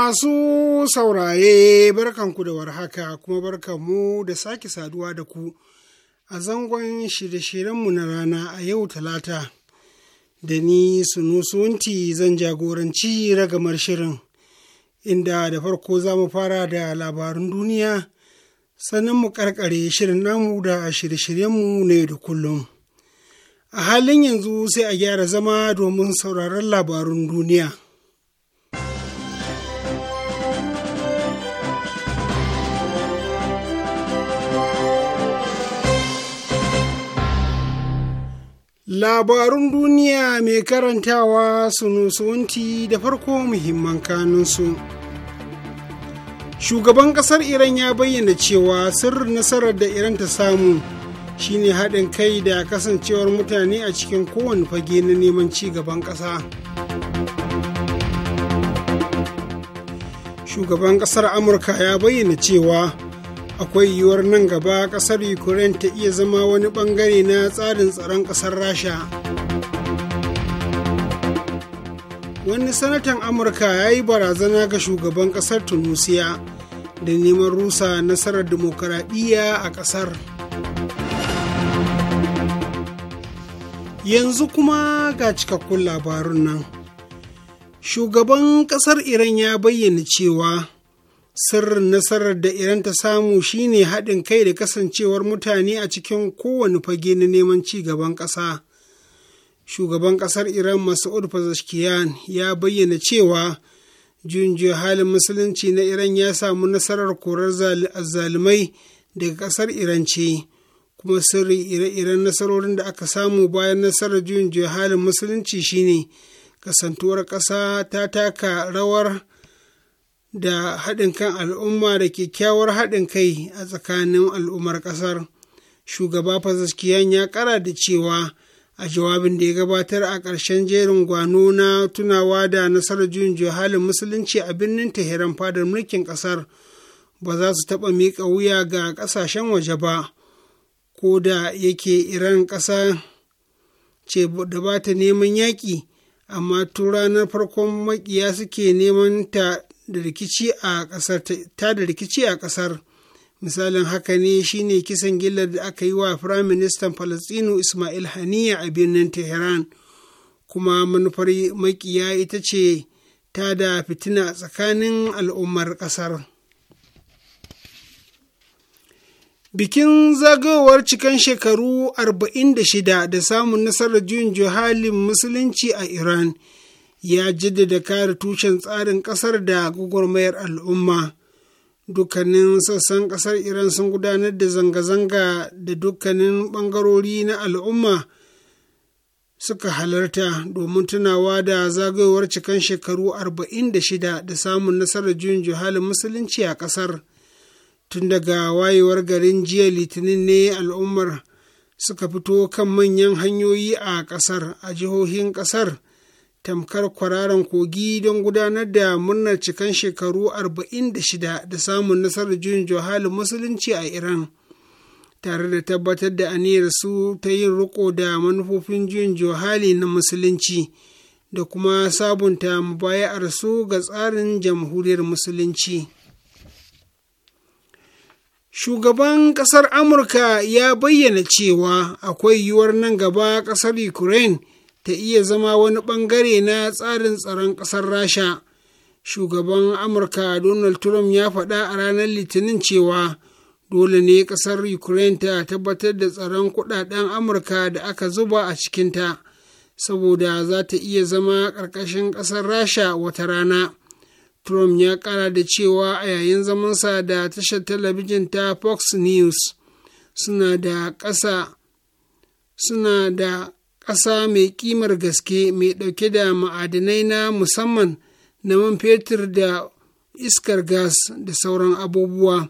Masu saurare barkanku da warhaka kuma barkanmu da sake saduwa da ku a zangon shirye-shiryenmu na rana a yau talata da ni sunusunti zan jagoranci ragamar shirin inda da farko za mu fara da labarin duniya sannan mu karkare shirin namu da shirye-shiryenmu na da kullum. A halin yanzu sai a gyara zama domin sauraron labarun duniya. Labarun duniya mai karantawa sunusuwanti da farko muhimman kanunsu. Shugaban ƙasar Iran ya bayyana cewa sirrin nasarar da Iran ta samu shine haɗin kai da kasancewar mutane a cikin kowane fage na neman ci gaban ƙasa. Shugaban ƙasar Amurka ya bayyana cewa akwai yiwuwar nan gaba ƙasar ukraine ta iya zama wani ɓangare na tsarin tsaron ƙasar rasha wani sanatan amurka ya yi barazana ga shugaban ƙasar tunisia da neman rusa nasarar dimokuraɗiyya a ƙasar yanzu kuma ga cikakkun labarun nan shugaban ƙasar iran ya bayyana cewa sirrin nasarar da iran ta samu shine haɗin kai da kasancewar mutane a cikin kowane fage na neman ci gaban ƙasa shugaban ƙasar iran masud pezeshkian ya bayyana cewa junjo halin musulunci na iran ya samu nasarar korar zalimai daga ƙasar iran ce kuma sirri ire-iren nasarorin da aka samu bayan nasarar juyin halin musulunci shine kasantuwar ƙasa ta taka rawar da haɗin kan al'umma da kyakkyawar haɗin kai a tsakanin al'ummar ƙasar shugaba fasaskiyan ya ƙara da cewa a jawabin da ya gabatar a ƙarshen jerin gwano na tunawa da nasarar juyin halin musulunci a birnin teheran fadar mulkin ƙasar ba za su taɓa miƙa wuya ga ƙasashen waje ba ko da yake iran ƙasa ce da ba ta neman yaƙi amma tun ranar farkon maƙiya suke neman ta da rikici ta da rikici a ƙasar misalin haka ne shine kisan gillar da aka yi wa firayim ministan falastinu ismail haniya a birnin tehran kuma manufar makiya ita ce ta da fitina tsakanin al'ummar ƙasar bikin zagayowar cikan shekaru 46 da samun nasarar juyin juhalin musulunci a iran ya jaddada kare tushen tsarin ƙasar da gwagwarmayar al'umma dukkanin sassan ƙasar iran sun gudanar da zanga-zanga da dukkanin bangarori na al'umma suka halarta domin tunawa da zagayowar cikan shekaru 46 da samun nasarar juyin juhalin musulunci a ƙasar tun daga wayewar garin jiya litinin ne al'ummar suka fito kan manyan hanyoyi a ƙasar a jihohin ƙasar tamkar kwararan kogi don gudanar da murnar cikan shekaru 46 da samun nasarar juyin johalin musulunci a iran tare da tabbatar da aniyar su ta yin riko da manufofin juyin johali na musulunci da kuma sabunta mubaya'ar su ga tsarin jamhuriyar musulunci shugaban ƙasar amurka ya bayyana cewa akwai yiwuwar nan gaba ƙasar ukraine ta iya zama wani ɓangare na tsarin tsaron ƙasar rasha shugaban amurka donald trump ya faɗa a ranar litinin cewa dole ne ƙasar ukraine ta tabbatar da tsaron kuɗaɗen amurka da aka zuba a cikinta saboda za ta iya zama ƙarƙashin ƙasar rasha wata rana trump ya ƙara da cewa a yayin zamansa da tashar talabijin ta fox news suna da ƙasa suna da ƙasa mai ƙimar gaske mai ɗauke da ma'adinai na musamman na man fetur da iskar gas da sauran abubuwa.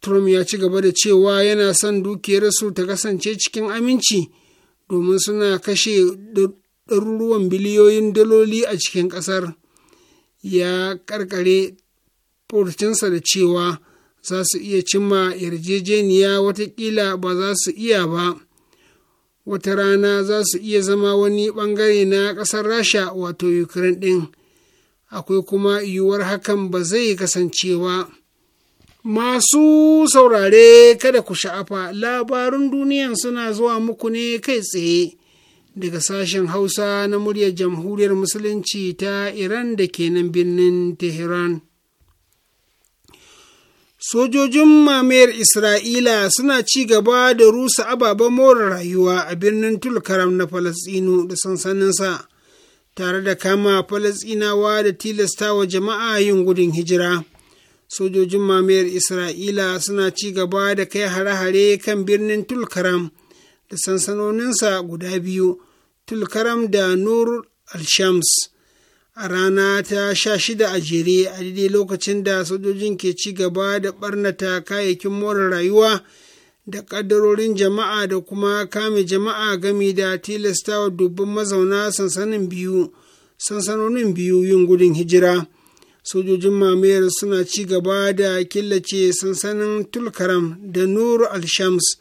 Trump ya ci gaba da cewa yana son dukiyarsu ta kasance cikin aminci domin suna kashe ɗaruruwan biliyoyin daloli a cikin ƙasar. Ya ƙarƙare furcinsa da cewa za su iya cimma yarjejeniya watakila ba za su iya ba. wata rana za su iya zama wani ɓangare na ƙasar rasha wato ukraine ɗin akwai kuma yiwuwar hakan ba zai kasance ba masu saurare kada ku sha'afa labarun duniyan suna zuwa muku ne kai tsaye daga sashen hausa na muryar jamhuriyar musulunci ta iran da kenan birnin tehran sojojin mamayar Isra'ila suna ci gaba da rusa ababen more rayuwa a birnin Tulkaram na Falasɗinu da sansaninsa, tare da kama Falasɗinawa da tilasta wa jama'a yin gudun hijira. Sojojin mamayar Isra'ila suna ci gaba da kai hare-hare kan birnin Tulkaram da sansanoninsa guda biyu, Tulkaram da Nur al-Shams. a rana ta sha shida a jere a daidai lokacin da sojojin ke ci gaba da barnata kayayyakin more rayuwa da ƙaddarorin jama'a da kuma kame jama'a gami da tilastawa dubban mazauna sansanin biyu sansanonin biyu yin gudun hijira sojojin mamayar suna ci gaba da killace sansanin tulkaram da nur al-shams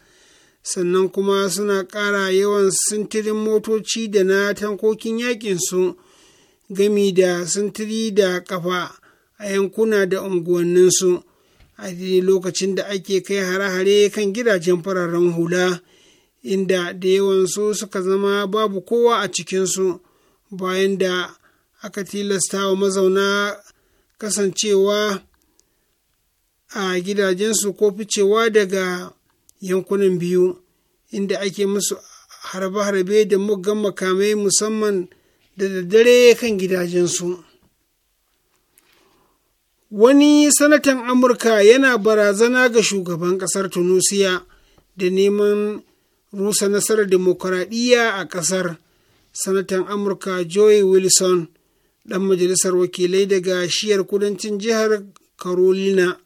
sannan kuma suna ƙara yawan sintirin motoci da na tankokin yaƙinsu su gami da sintiri da kafa a yankuna da unguwanninsu a lokacin da ake kai hare-hare kan gidajen fararen hula inda da yawansu suka zama babu kowa a cikinsu bayan da aka tilasta wa mazauna kasancewa a gidajensu ko ficewa daga yankunan biyu inda ake musu harbe-harbe da muggan makamai musamman da daddare kan gidajensu wani sanatan amurka yana barazana ga shugaban ƙasar tunusiya da neman rusa nasarar demokuraɗiyya a ƙasar sanatan amurka joey wilson ɗan majalisar wakilai daga shiyar kudancin jihar carolina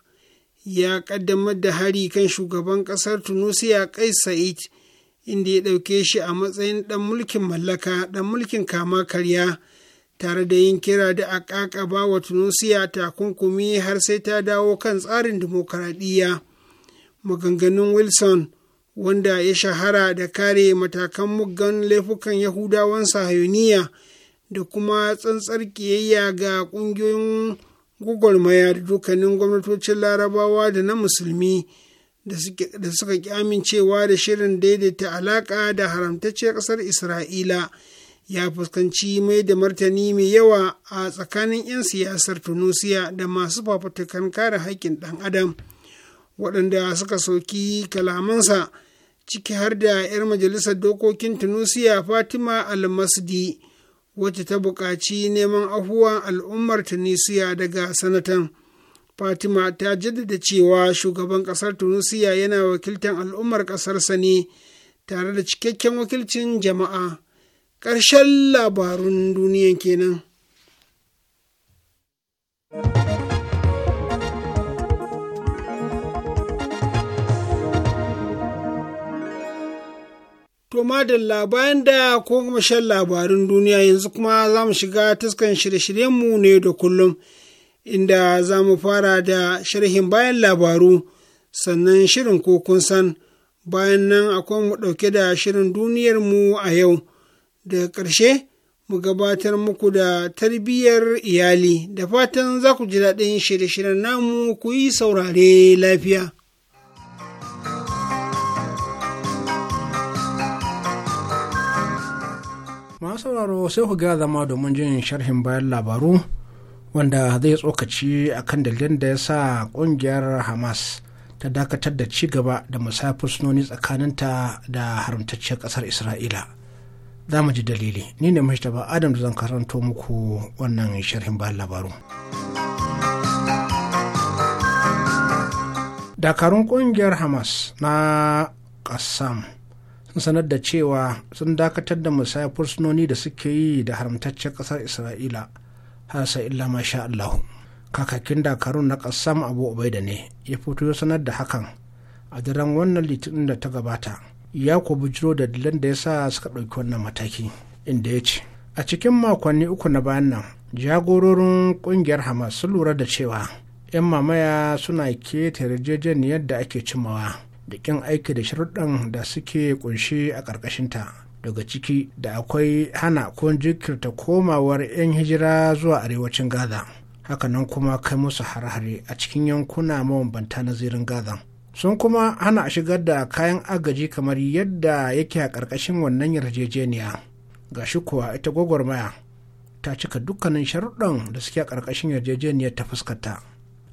ya ƙaddamar da hari kan shugaban ƙasar tunusiya kais sa'id inda ya ɗauke shi a matsayin ɗan mulkin mallaka ɗan mulkin kama karya tare da yin kira da a ƙaƙaba wa tunusiya takunkumi har sai ta dawo kan tsarin dimokuraɗiyya maganganun wilson wanda ya shahara da kare matakan muggan laifukan yahudawan sahayuniya da kuma tsantsar kiyayya ga ƙungiyoyin gwagwarmaya da dukkanin gwamnatocin larabawa da na musulmi da suka ƙi amincewa da shirin daidaita alaƙa da haramtacciyar ƙasar isra'ila ya fuskanci mai da martani mai yawa a tsakanin 'yan siyasar tunisia da masu fafutukan kare haƙƙin ɗan adam waɗanda suka soki kalamansa ciki har da 'yar majalisar dokokin tunisia fatima almasdi wacce ta buƙaci neman ahuwan al'ummar tunisia daga sanatan fatima ta jaddada cewa shugaban ƙasar tunisia yana wakiltar al'ummar ƙasarsa ne tare da cikakken wakilcin jama'a ƙarshen labarun duniyan kenan. To madalla bayan da ko kuma shan labarun duniya yanzu kuma za mu shiga taskan shirye-shiryenmu ne da kullum. inda za mu fara da sharhin bayan labaru sannan shirin ko san bayan nan akwai mu ɗauke da shirin duniyar mu a yau daga ƙarshe mu gabatar muku da tarbiyyar iyali da fatan za ku ji daɗin shirye-shiryen namu ku yi saurare lafiya. masu sauraro sai ku ga zama domin jin sharhin bayan labaru wanda zai tsokaci a kan dalilin da ya sa kungiyar hamas ta dakatar da ci gaba da musafir sunoni tsakaninta da haramtacciyar kasar isra'ila za mu ji dalili ni ne mashtaba adam da zan karanto muku wannan sharhin bayan labaru dakarun kungiyar hamas na kassam sun sanar da cewa sun dakatar da musayar fursunoni da suke yi da haramtaccen kasar isra'ila hasa illa masha Allahu kakakin dakarun na kassam abu ubaida ne ya fito ya sanar da hakan a daren wannan litinin da ta gabata ya ku bujiro da dilan da ya sa suka ɗauki wannan mataki inda ya ce a cikin makonni uku na bayan nan jagororin ƙungiyar hamas sun lura da cewa 'yan mamaya suna keta yarjejeniyar da ake cimawa da ƙin aiki da sharuɗan da suke ƙunshi a ƙarƙashinta daga ciki da akwai hana ko jikirta komawar 'yan hijira zuwa arewacin gaza hakanan kuma kai musu har-hare a cikin yankuna mabambanta na zirin gaza sun kuma hana shigar da kayan agaji kamar yadda yake a ƙarƙashin wannan yarjejeniya ga shi kuwa ita gwagwarmaya ta cika dukkanin sharuɗan da suke a ƙarƙashin yarjejeniyar ta fuskanta.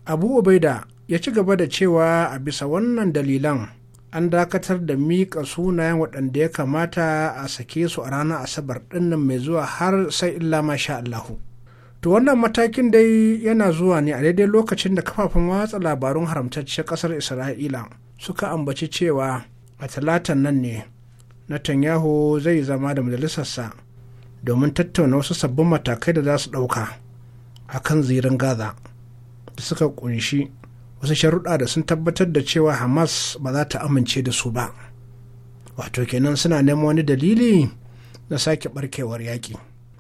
abu ubaida ya ci gaba da cewa a bisa wannan dalilan an dakatar da miƙa sunayen waɗanda ya kamata a sake su a ranar asabar ɗinnan mai zuwa har sai illa masha Allahu. To wannan matakin dai yana zuwa ne a daidai lokacin da kafafen watsa labarun haramtaccen ƙasar Isra'ila suka ambaci cewa a talatan nan ne Netanyahu zai zama da majalisarsa domin tattauna wasu sabbin matakai da za su ɗauka a kan zirin Gaza da suka ƙunshi wasu sharuɗa da sun tabbatar da cewa hamas ba za ta amince da su ba wato kenan suna neman wani dalili na sake barkewar yaƙi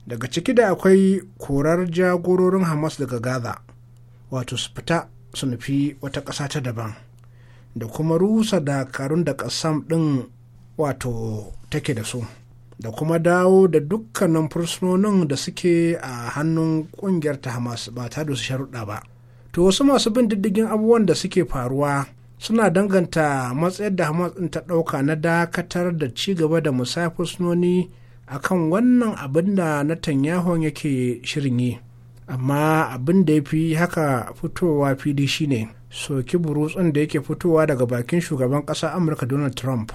daga ciki da akwai korar jagororin hamas daga gaza wato su fita su nufi wata ƙasa ta daban da kuma rusa dakarun da ƙasam ɗin wato take da su da kuma dawo da dukkanin fursunonin da suke a hannun ƙungiyar ta hamas ba ta da su sharuɗa ba to wasu masu bin diddigin abubuwan da suke faruwa suna danganta matsayar da hamas ɗin ta ɗauka na dakatar da ci gaba da musafir sunoni kan wannan abin da netanyahu yake shirin yi amma abin da ya fi haka fitowa fili shine soki burutsun da yake fitowa daga bakin shugaban ƙasa amurka donald trump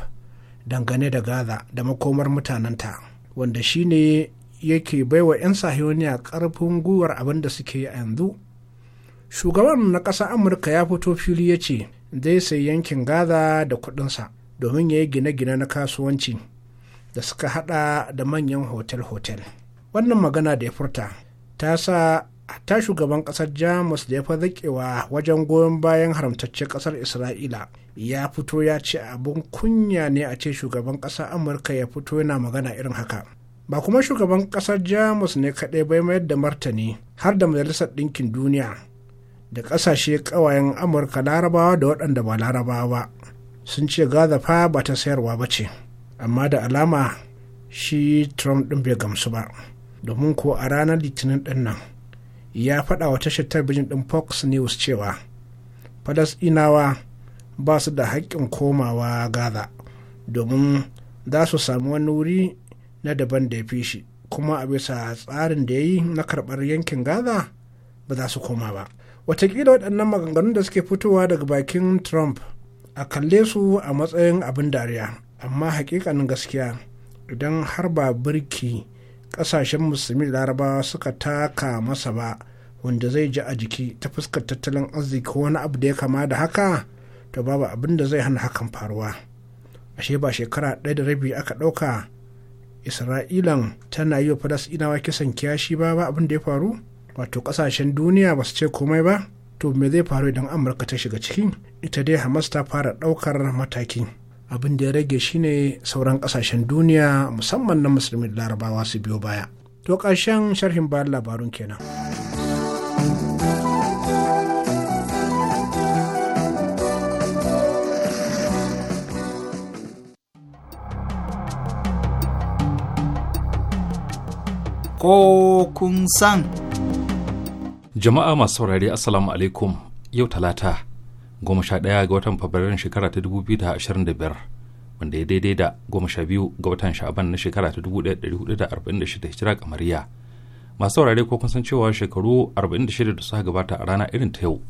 dangane da gaza da makomar mutanenta wanda shine yake baiwa 'yan sahiyoniya ƙarfin gwiwar abin da suke yi a yanzu shugaban na ƙasar amurka ya fito fili ya ce zai sai yankin gaza da kuɗinsa domin ya yi gine-gine na kasuwanci da suka hada da manyan hotel-hotel wannan magana da ya furta ta sa ta shugaban ƙasar jamus da ya fa zaƙewa wajen goyon bayan haramtacce ƙasar isra'ila ya fito ya ce abin kunya ne a ce shugaban ƙasar amurka ya fito yana magana irin haka ba kuma shugaban ƙasar jamus ne kaɗai bai mayar da martani har da majalisar ɗinkin duniya da ƙasashe ƙawayen amurka larabawa da waɗanda ba larabawa ba sun ce gaza fa ba ta sayarwa ba ce amma da alama shi trump ɗin bai gamsu ba domin ko a ranar litinin ɗin nan ya faɗa wa tashar talabijin ɗin fox news cewa falasɗinawa ba su da haƙƙin komawa gaza domin za su samu wani wuri na daban da ya fi shi kuma a bisa tsarin da ya yi na karɓar yankin gaza ba za su koma ba watakila waɗannan maganganun da suke fitowa daga bakin trump a kalle su a matsayin abin dariya amma hakikanin gaskiya idan har ba birki ƙasashen musulmi larabawa suka taka masa ba wanda zai ji a jiki ta fuskar tattalin arziki wani abu da ya kama da haka to babu abin da zai hana hakan faruwa ashe ba shekara ɗaya da rabi aka ɗauka isra'ilan tana yi wa falasɗinawa kisan kiyashi ba ba abin da ya faru wato kasashen duniya ba su ce komai ba to me zai faru idan amurka ta shiga ciki ita dai hamas ta fara daukar mataki abin da ya rage shine sauran kasashen duniya musamman na musulmi larabawa su biyo baya to ƙarshen sharhin bayan labarun kenan. ko kun san. jama'a masu saurari assalamu alaikum yau talata goma sha ɗaya ga watan fabrairun shekara ta dubu biyu da ashirin da biyar wanda ya daidai da goma sha biyu ga watan sha'aban na shekara ta dubu ɗaya ɗari hudu da arba'in da shida hijira kamariya masu saurari ko kun san cewa shekaru arba'in da shida da suka gabata a rana irin ta yau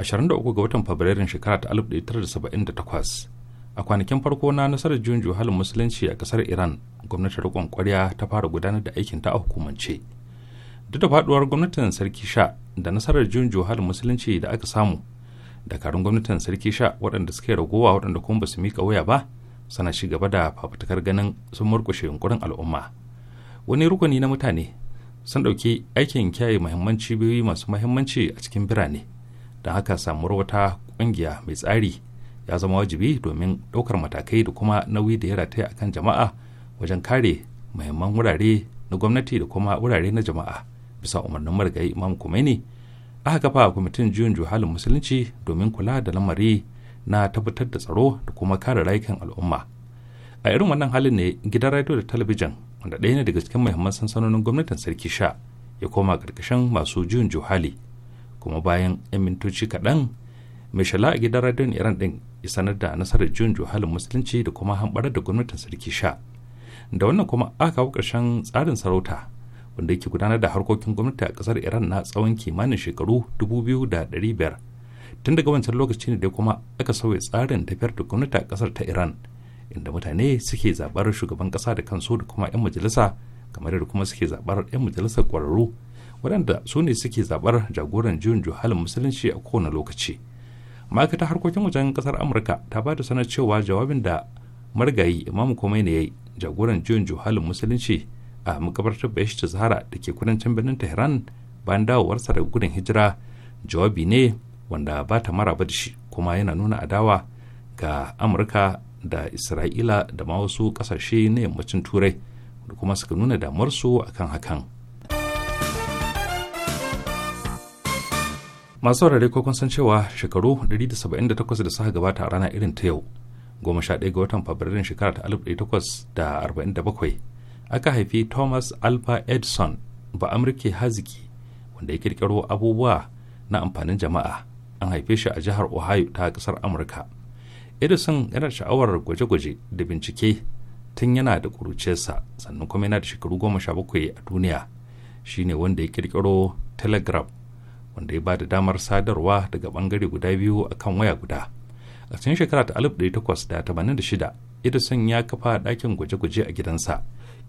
ashirin da uku ga watan fabrairun shekara ta alif ɗaya tara da saba'in da takwas a kwanakin farko na nasarar juyin juhalin musulunci a kasar iran gwamnatin rikon kwarya ta fara gudanar da aikin ta a hukumance duk da faduwar gwamnatin sarki sha da nasarar jin juhal musulunci da aka samu dakarun gwamnatin sarki sha waɗanda suke ragowa waɗanda kuma ba su mika waya ba suna shi gaba da fafutukar ganin sun murkushe yunkurin al'umma wani rukuni na mutane sun ɗauki aikin kyaye muhimman cibiyoyi masu muhimmanci a cikin birane don haka samuwar wata ƙungiya mai tsari ya zama wajibi domin ɗaukar matakai da kuma nauyi da ya rataya akan jama'a wajen kare mahimman wurare na gwamnati da kuma wurare na jama'a bisa umarnin marigayi imam Khomeini aka kafa kwamitin juyin juhalin musulunci domin kula da lamari na tabbatar da tsaro da kuma kare rayukan al'umma a irin wannan halin ne gidan radio da talabijin wanda ɗaya ne daga cikin muhimman sansanonin gwamnatin sarki sha ya koma ƙarƙashin masu juyin juhali kuma bayan 'yan mintoci kaɗan mai shala a gidan radiyon iran ɗin ya sanar da nasarar juyin juhalin musulunci da kuma hamɓarar da gwamnatin sarki sha da wannan kuma aka kawo ƙarshen tsarin sarauta wanda yake gudanar da harkokin gwamnati a kasar iran na tsawon kimanin shekaru dubu biyu da biyar tun daga wancan lokaci ne da kuma aka sauya tsarin tafiyar da gwamnati a kasar ta iran inda mutane suke zabar shugaban kasa da kansu da kuma 'yan majalisa kamar yadda kuma suke zabar 'yan majalisar kwararru waɗanda su ne suke zabar jagoran juyin juhalin musulunci a kowane lokaci ma'aikatar harkokin wajen kasar amurka ta ba da sanar cewa jawabin da marigayi imam komai ne ya yi jagoran juyin juhalin musulunci a makabartar Beshta Zahara da ke kudancin birnin Tehran bayan dawowarsa daga gudun hijira jawabi ne wanda ba ta maraba da shi kuma yana nuna adawa ga Amurka da Isra'ila da ma wasu kasashe na yammacin Turai da kuma suka nuna damarsu akan hakan. Masu saurare ko kun san cewa shekaru 178 da suka gabata a rana irin ta yau, goma sha ɗaya ga watan Fabrairun shekara ta 1847 aka haifi thomas alva edison ba amurke haziki wanda ya kirkiro abubuwa na amfanin jama'a an haife shi a jihar ohio ta kasar amurka edison yana sha'awar gwaje-gwaje da bincike tun yana da kuruciyarsa sannan kuma yana da shekaru goma sha bakwai a duniya shi ne wanda ya kirkiro telegraph wanda ya ba da damar sadarwa daga bangare guda biyu a kan waya guda a cikin shekara ta shida edison ya kafa ɗakin gwaje-gwaje a gidansa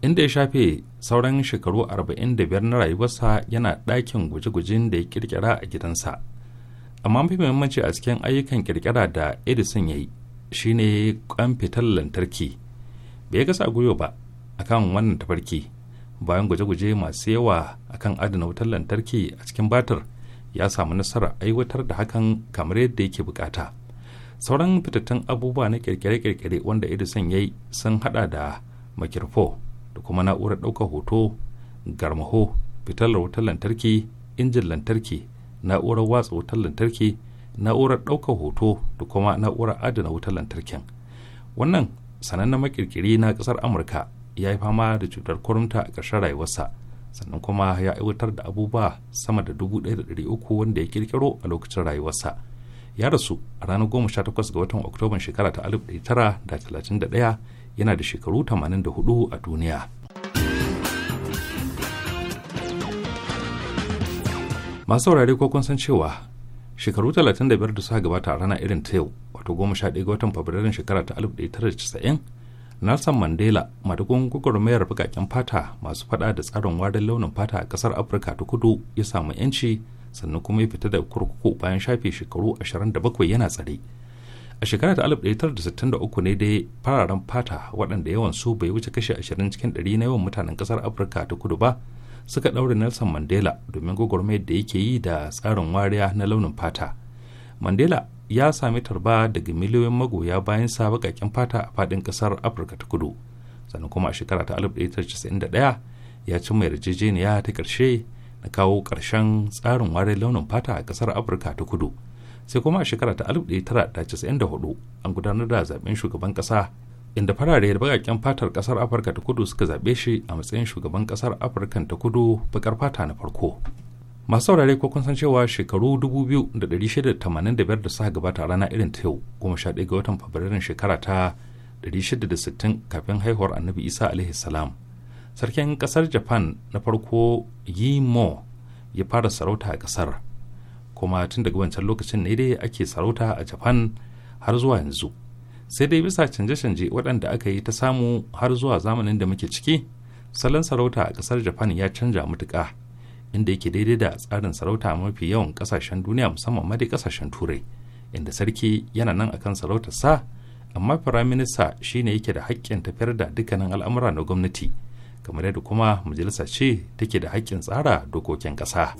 inda ya shafe sauran shekaru arba'in da biyar na rayuwarsa yana ɗakin guje-gujen da ya kirkira a gidansa amma mafi muhimmanci a cikin ayyukan kirkira da edison ya yi shine kan fitar lantarki bai ga gasa goyo ba akan wannan tafarki bayan guje-guje masu yawa akan adana wutar lantarki a cikin batir ya samu nasarar aiwatar da hakan kamar yadda yake bukata sauran fitattun abubuwa na kirkire-kirkire wanda edison ya yi sun hada da makirfo da kuma na'urar ɗaukar hoto garmaho fitalar wutar lantarki injin lantarki na'urar watsa wutar lantarki na'urar ɗaukar hoto da kuma na'urar adana wutar lantarkin wannan sanannen makirkiri na ƙasar amurka ya yi fama da cutar kurumta a ƙarshen rayuwarsa sannan kuma ya aiwatar da abubuwa sama da dubu da ɗaya ɗari uku wanda ya kirkiro a lokacin rayuwarsa ya rasu a ranar goma sha takwas ga watan oktoban shekara ta da da talatin ɗaya yana da shekaru 84 a duniya masu saurare ko kun san cewa shekaru 35 da suka gabata a rana irin ta yau wato 11 ga watan fabrairun shekara ta 1990 Nelson Mandela madugun gwagwarmayar bukaken fata masu fada da tsarin warin launin fata a kasar Afirka ta kudu ya samu yanci sannan kuma ya fita da kurkuku bayan shafe shekaru 27 yana tsare. a shekara ta 1963 ne dai fararen fata waɗanda yawan su bai wuce kashe 20 cikin 100 na yawan mutanen ƙasar afirka ta kudu ba suka ɗaure nelson mandela domin gwagwarmayar da yake yi da tsarin wariya na launin fata mandela ya sami tarba daga miliyoyin magoya bayan sa baƙaƙen fata a faɗin kasar afirka ta kudu sannan kuma a shekara ta 1991 ya cimma yarjejeniya ta ƙarshe na kawo ƙarshen tsarin wariyar launin fata a ƙasar afirka ta kudu sai kuma a shekara ta 1994 an gudanar da zaben shugaban kasa inda farare da fatar kasar afirka ta kudu suka zaɓe shi a matsayin shugaban kasar afirka ta kudu bakar fata na farko masu saurare ko kun san cewa shekaru 2685 da suka gabata rana irin ta yau kuma 11 ga watan fabrairun shekara ta 660 kafin haihuwar annabi isa alaihi salam sarkin kasar japan na farko yi mo ya fara sarauta a kasar kuma tun daga wancan lokacin ne dai ake sarauta a japan har zuwa yanzu sai dai bisa canje-canje waɗanda aka yi ta samu har zuwa zamanin da muke ciki salon sarauta a ƙasar japan ya canja matuƙa inda yake daidai da tsarin sarauta mafi yawan ƙasashen duniya musamman ma dai ƙasashen turai inda sarki yana nan akan sarautar sa amma firaminista shine yake da haƙƙin tafiyar da dukkanin al'amura na gwamnati kamar yadda kuma majalisa ce take da haƙƙin tsara dokokin ƙasa.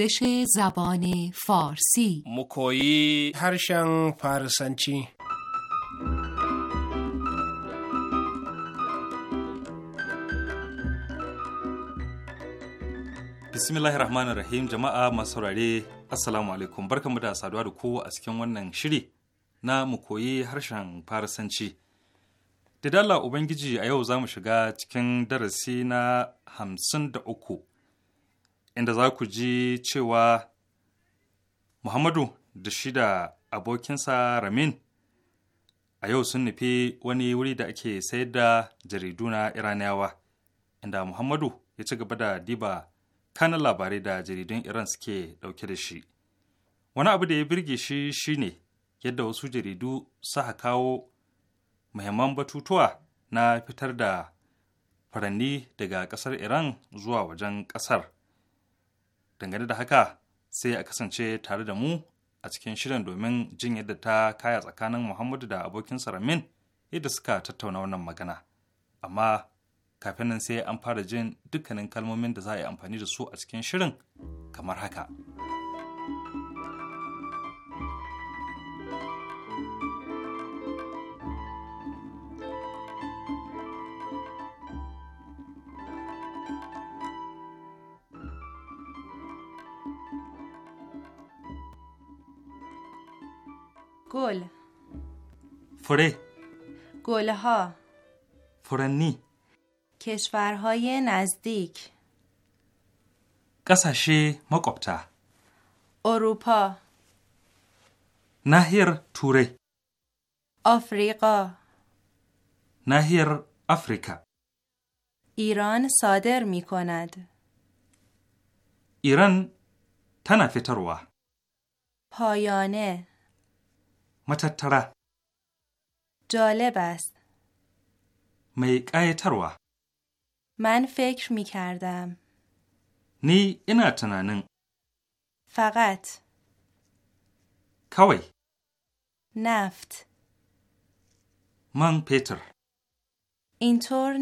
آموزش زبان فارسی مکویی هرشن فارسنچی bismillahir rahmanir rahim jama'a masaurare saurare assalamu alaikum barkamu da saduwa da ku a cikin wannan shiri na mu koyi harshen farisanci da dala ubangiji a yau za mu shiga cikin darasi na hamsin da uku inda za ku ji cewa Muhammadu da shi da abokinsa Ramin a yau sun nufi wani wuri da ake sayar da jaridu na Iraniyawa, inda Muhammadu ya ci gaba da diba kanan labarai da jaridun Iran suke ɗauke da shi. Wani abu da ya birge shi shine yadda wasu jaridu suka kawo muhimman batutuwa na fitar da furanni daga ƙasar Iran zuwa wajen ƙasar. dangane da haka sai a kasance tare da mu a cikin shirin domin jin yadda ta kaya tsakanin muhammadu da abokin ramin yadda suka tattauna wannan magana amma kafin nan sai an fara jin dukkanin kalmomin da za a yi amfani da su a cikin shirin kamar haka. گل فره گلها فرنی کشورهای نزدیک قسشه مقبتا اروپا نهر توره آفریقا نهر آفریقا ایران صادر می کند ایران تنفتروه پایانه matattara جالبس mai ƙayatarwa man fikr mi ni ina tunanin faqat kawai naft man fetur. intor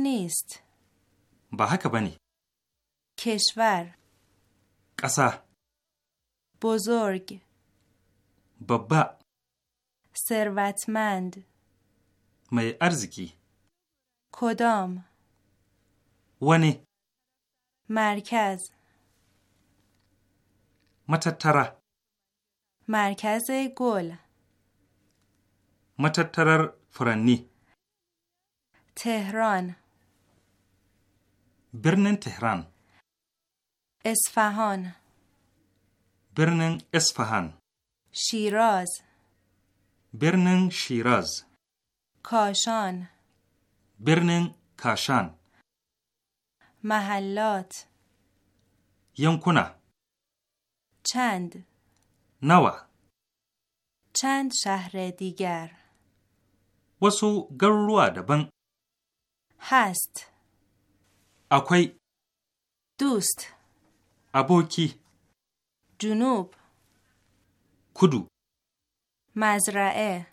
ba haka ba ne. kishwar ƙasa bozorg babba ثروتمند می ارزکی کدام ونه مرکز متتره مرکز گل متترر فرنی تهران برنن تهران اصفهان برنن اصفهان شیراز birnin Shiraz. Kashan. Birnin Kashan. Mahallat. Yankuna. Chand. Nawa. Chand shahre digar. Wasu garuruwa daban. Hast. Akwai. Dust. Aboki. Junub. Kudu. مزرعه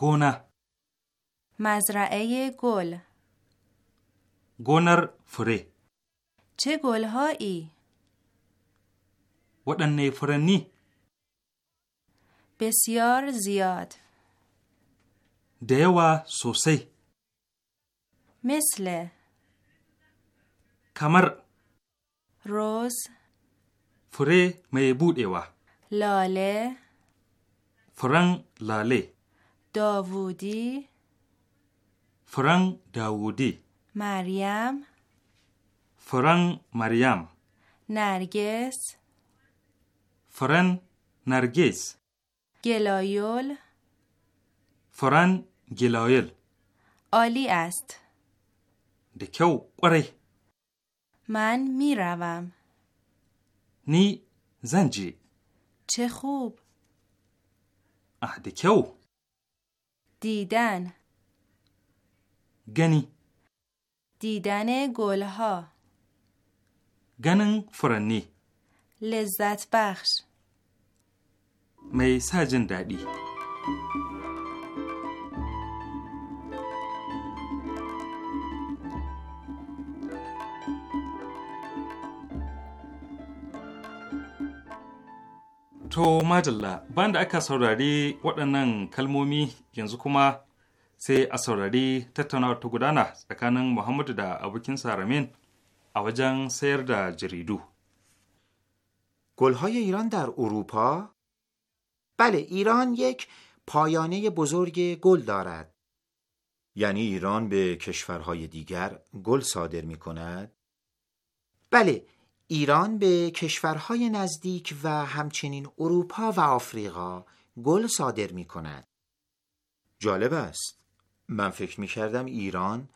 گونه مزرعه گل گونر فره چه گل هایی؟ ودن فرنی بسیار زیاد دیوا سوسی مثل کمر روز فره میبود ایوا لاله فرنگ لاله داوودی فرنگ داوودی مریم فرنگ مریم نرگس فرن نرگس گلایول فرن گلایل عالی است دکو قره من میروم نی زنجی چه خوب عهد کو دیدن گنی دیدن گلها گنن فرنی لذت بخش می ساجن دادی To madalla bayan da aka saurari waɗannan kalmomi yanzu kuma sai a saurari tattaunawa ta gudana tsakanin Muhammadu da abokin Ramin a wajen sayar da jaridu. گلهای ایران در اروپا؟ بله ایران یک پایانه بزرگ گل دارد. یعنی ایران به کشورهای دیگر گل صادر می کند؟ بله ایران به کشورهای نزدیک و همچنین اروپا و آفریقا گل صادر می کند. جالب است. من فکر می کردم ایران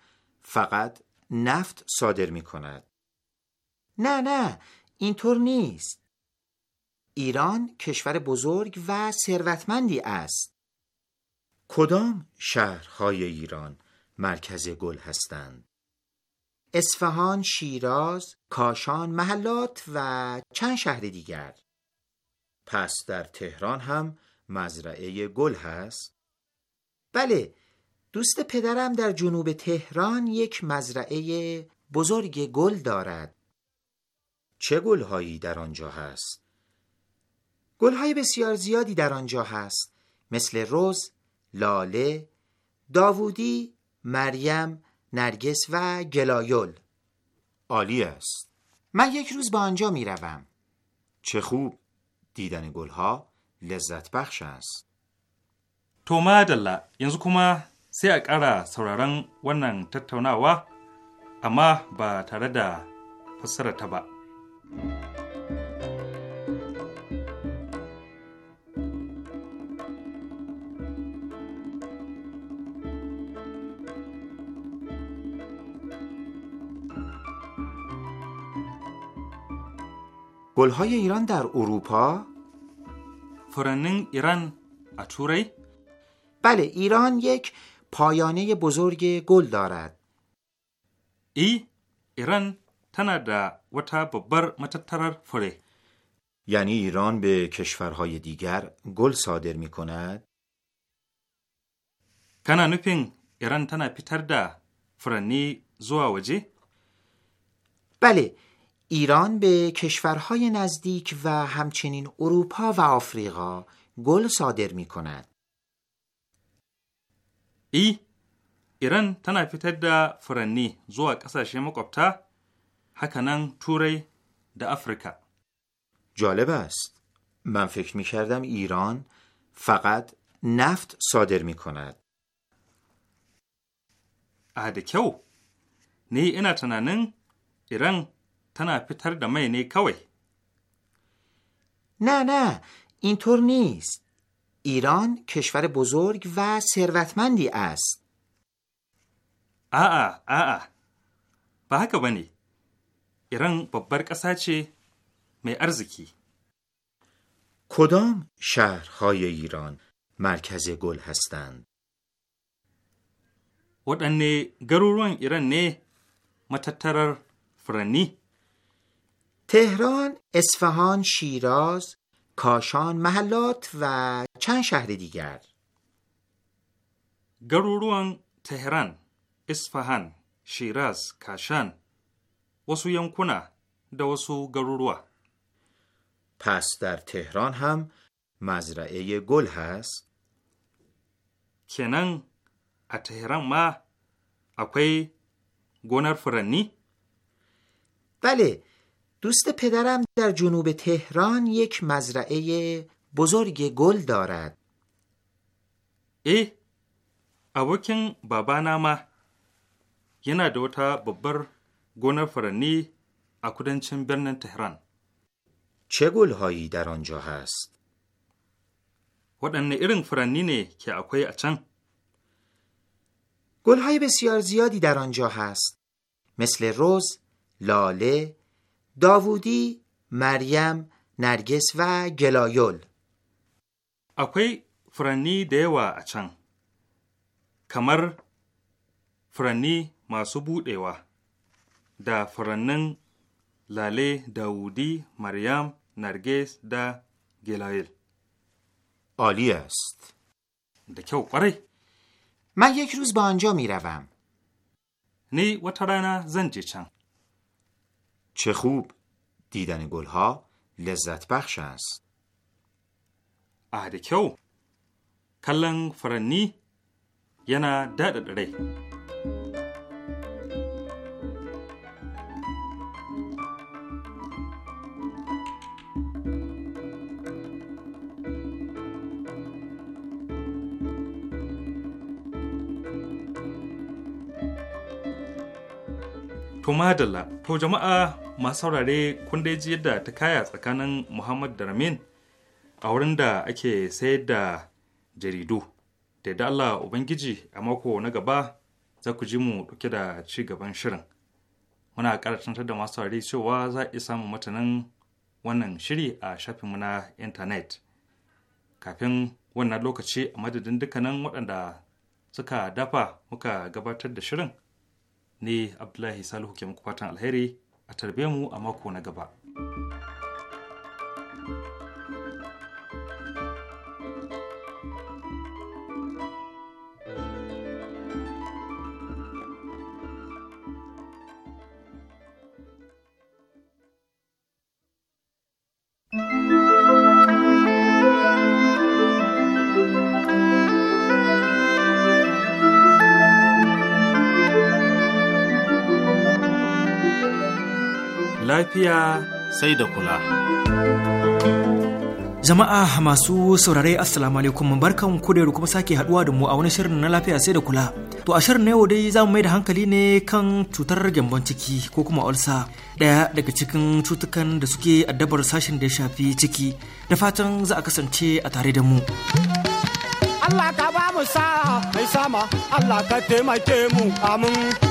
فقط نفت صادر می کند. نه نه اینطور نیست. ایران کشور بزرگ و ثروتمندی است. کدام شهرهای ایران مرکز گل هستند؟ اصفهان، شیراز، کاشان، محلات و چند شهر دیگر پس در تهران هم مزرعه گل هست؟ بله دوست پدرم در جنوب تهران یک مزرعه بزرگ گل دارد چه گلهایی در آنجا هست؟ های بسیار زیادی در آنجا هست مثل رز، لاله، داوودی، مریم نرگس و گلایول عالی است من یک روز به آنجا می روم چه خوب دیدن گلها لذت بخش است تو مادلا ینزو کما سی اکارا سرارن ونن و اما با تردا پسر you. گلهای ایران در اروپا؟ فرنن ایران اچوری؟ بله ایران یک پایانه بزرگ گل دارد ای ایران تنا دا وتا ببر متترر فره یعنی ایران به کشورهای دیگر گل صادر می کند؟ کنا نپین ایران تنا پیتر دا فرنی زوا وجه؟ بله ایران به کشورهای نزدیک و همچنین اروپا و آفریقا گل صادر می کند. ای ایران تنها fitar فرنی فرنی زو ƙasashe makwabta حکنان توری دا افریکا جالب است من فکر می کردم ایران فقط نفت صادر می کند نی کیو؟ نی اینا ایران tana fitar تر mai ne نه نه اینطور نیست ایران کشور بزرگ و ثروتمندی است آه آه آه با بانی ایران با قصه چه می ارزکی کدام شهرهای ایران مرکز گل هستند؟ و دنه ایران نه متترر فرنی؟ تهران، اصفهان، شیراز، کاشان، محلات و چند شهر دیگر گروروان تهران، اصفهان، شیراز، کاشان وسو کنه، دا وسو گروروه پس در تهران هم مزرعه گل هست کنن ا تهران ما اکوی گونر فرنی بله دوست پدرم در جنوب تهران یک مزرعه بزرگ گل دارد. ای ابوکین بابا ناما ینا دوتا ببر گونه فرنی اکودنچن برنن تهران. چه گل هایی در آنجا هست؟ وادن ایرن فرنی نه که اکوی اچن؟ گل های بسیار زیادی در آنجا هست. مثل روز، لاله، داوودی، مریم، نرگس و گلایول اکوی فرانی و اچان کمر فرانی ماسو و دا فرانن لاله داوودی، مریم، نرگس دا گلایل عالی است دکیو قره من یک روز با آنجا می روم نی و ترانا زنجی چند چه خوب دیدن گلها لذت بخش است اد کلنگ فرنی ینا داد تو tumadala تو masu saurare kun dai ji yadda ta kaya tsakanin muhammad da ramin a wurin da ake sayar da jaridu da da allah ubangiji a mako na gaba za ku ji mu dauke da ci gaban shirin muna karatantar da masu saurare cewa za a samu samun matanin wannan shiri a shafinmu na intanet kafin wannan lokaci a madadin dukkanin waɗanda suka dafa muka gabatar da shirin ne abdullahi salihu ke muku fatan alheri a tarbe mu a mako na gaba. lafiya sai da kula. Jama'a masu saurare Assalamu alaikum barkan ku da kuma sake haduwa da mu a wani shirin na lafiya sai da kula. To a shirin na yau dai za mu mai da hankali ne kan cutar gyambon ciki ko kuma ulsa daya daga cikin cutukan da suke addabar sashen da ya shafi ciki da fatan za a kasance a tare da mu. Allah ka ba mu sa mai sama Allah ka taimake mu amin.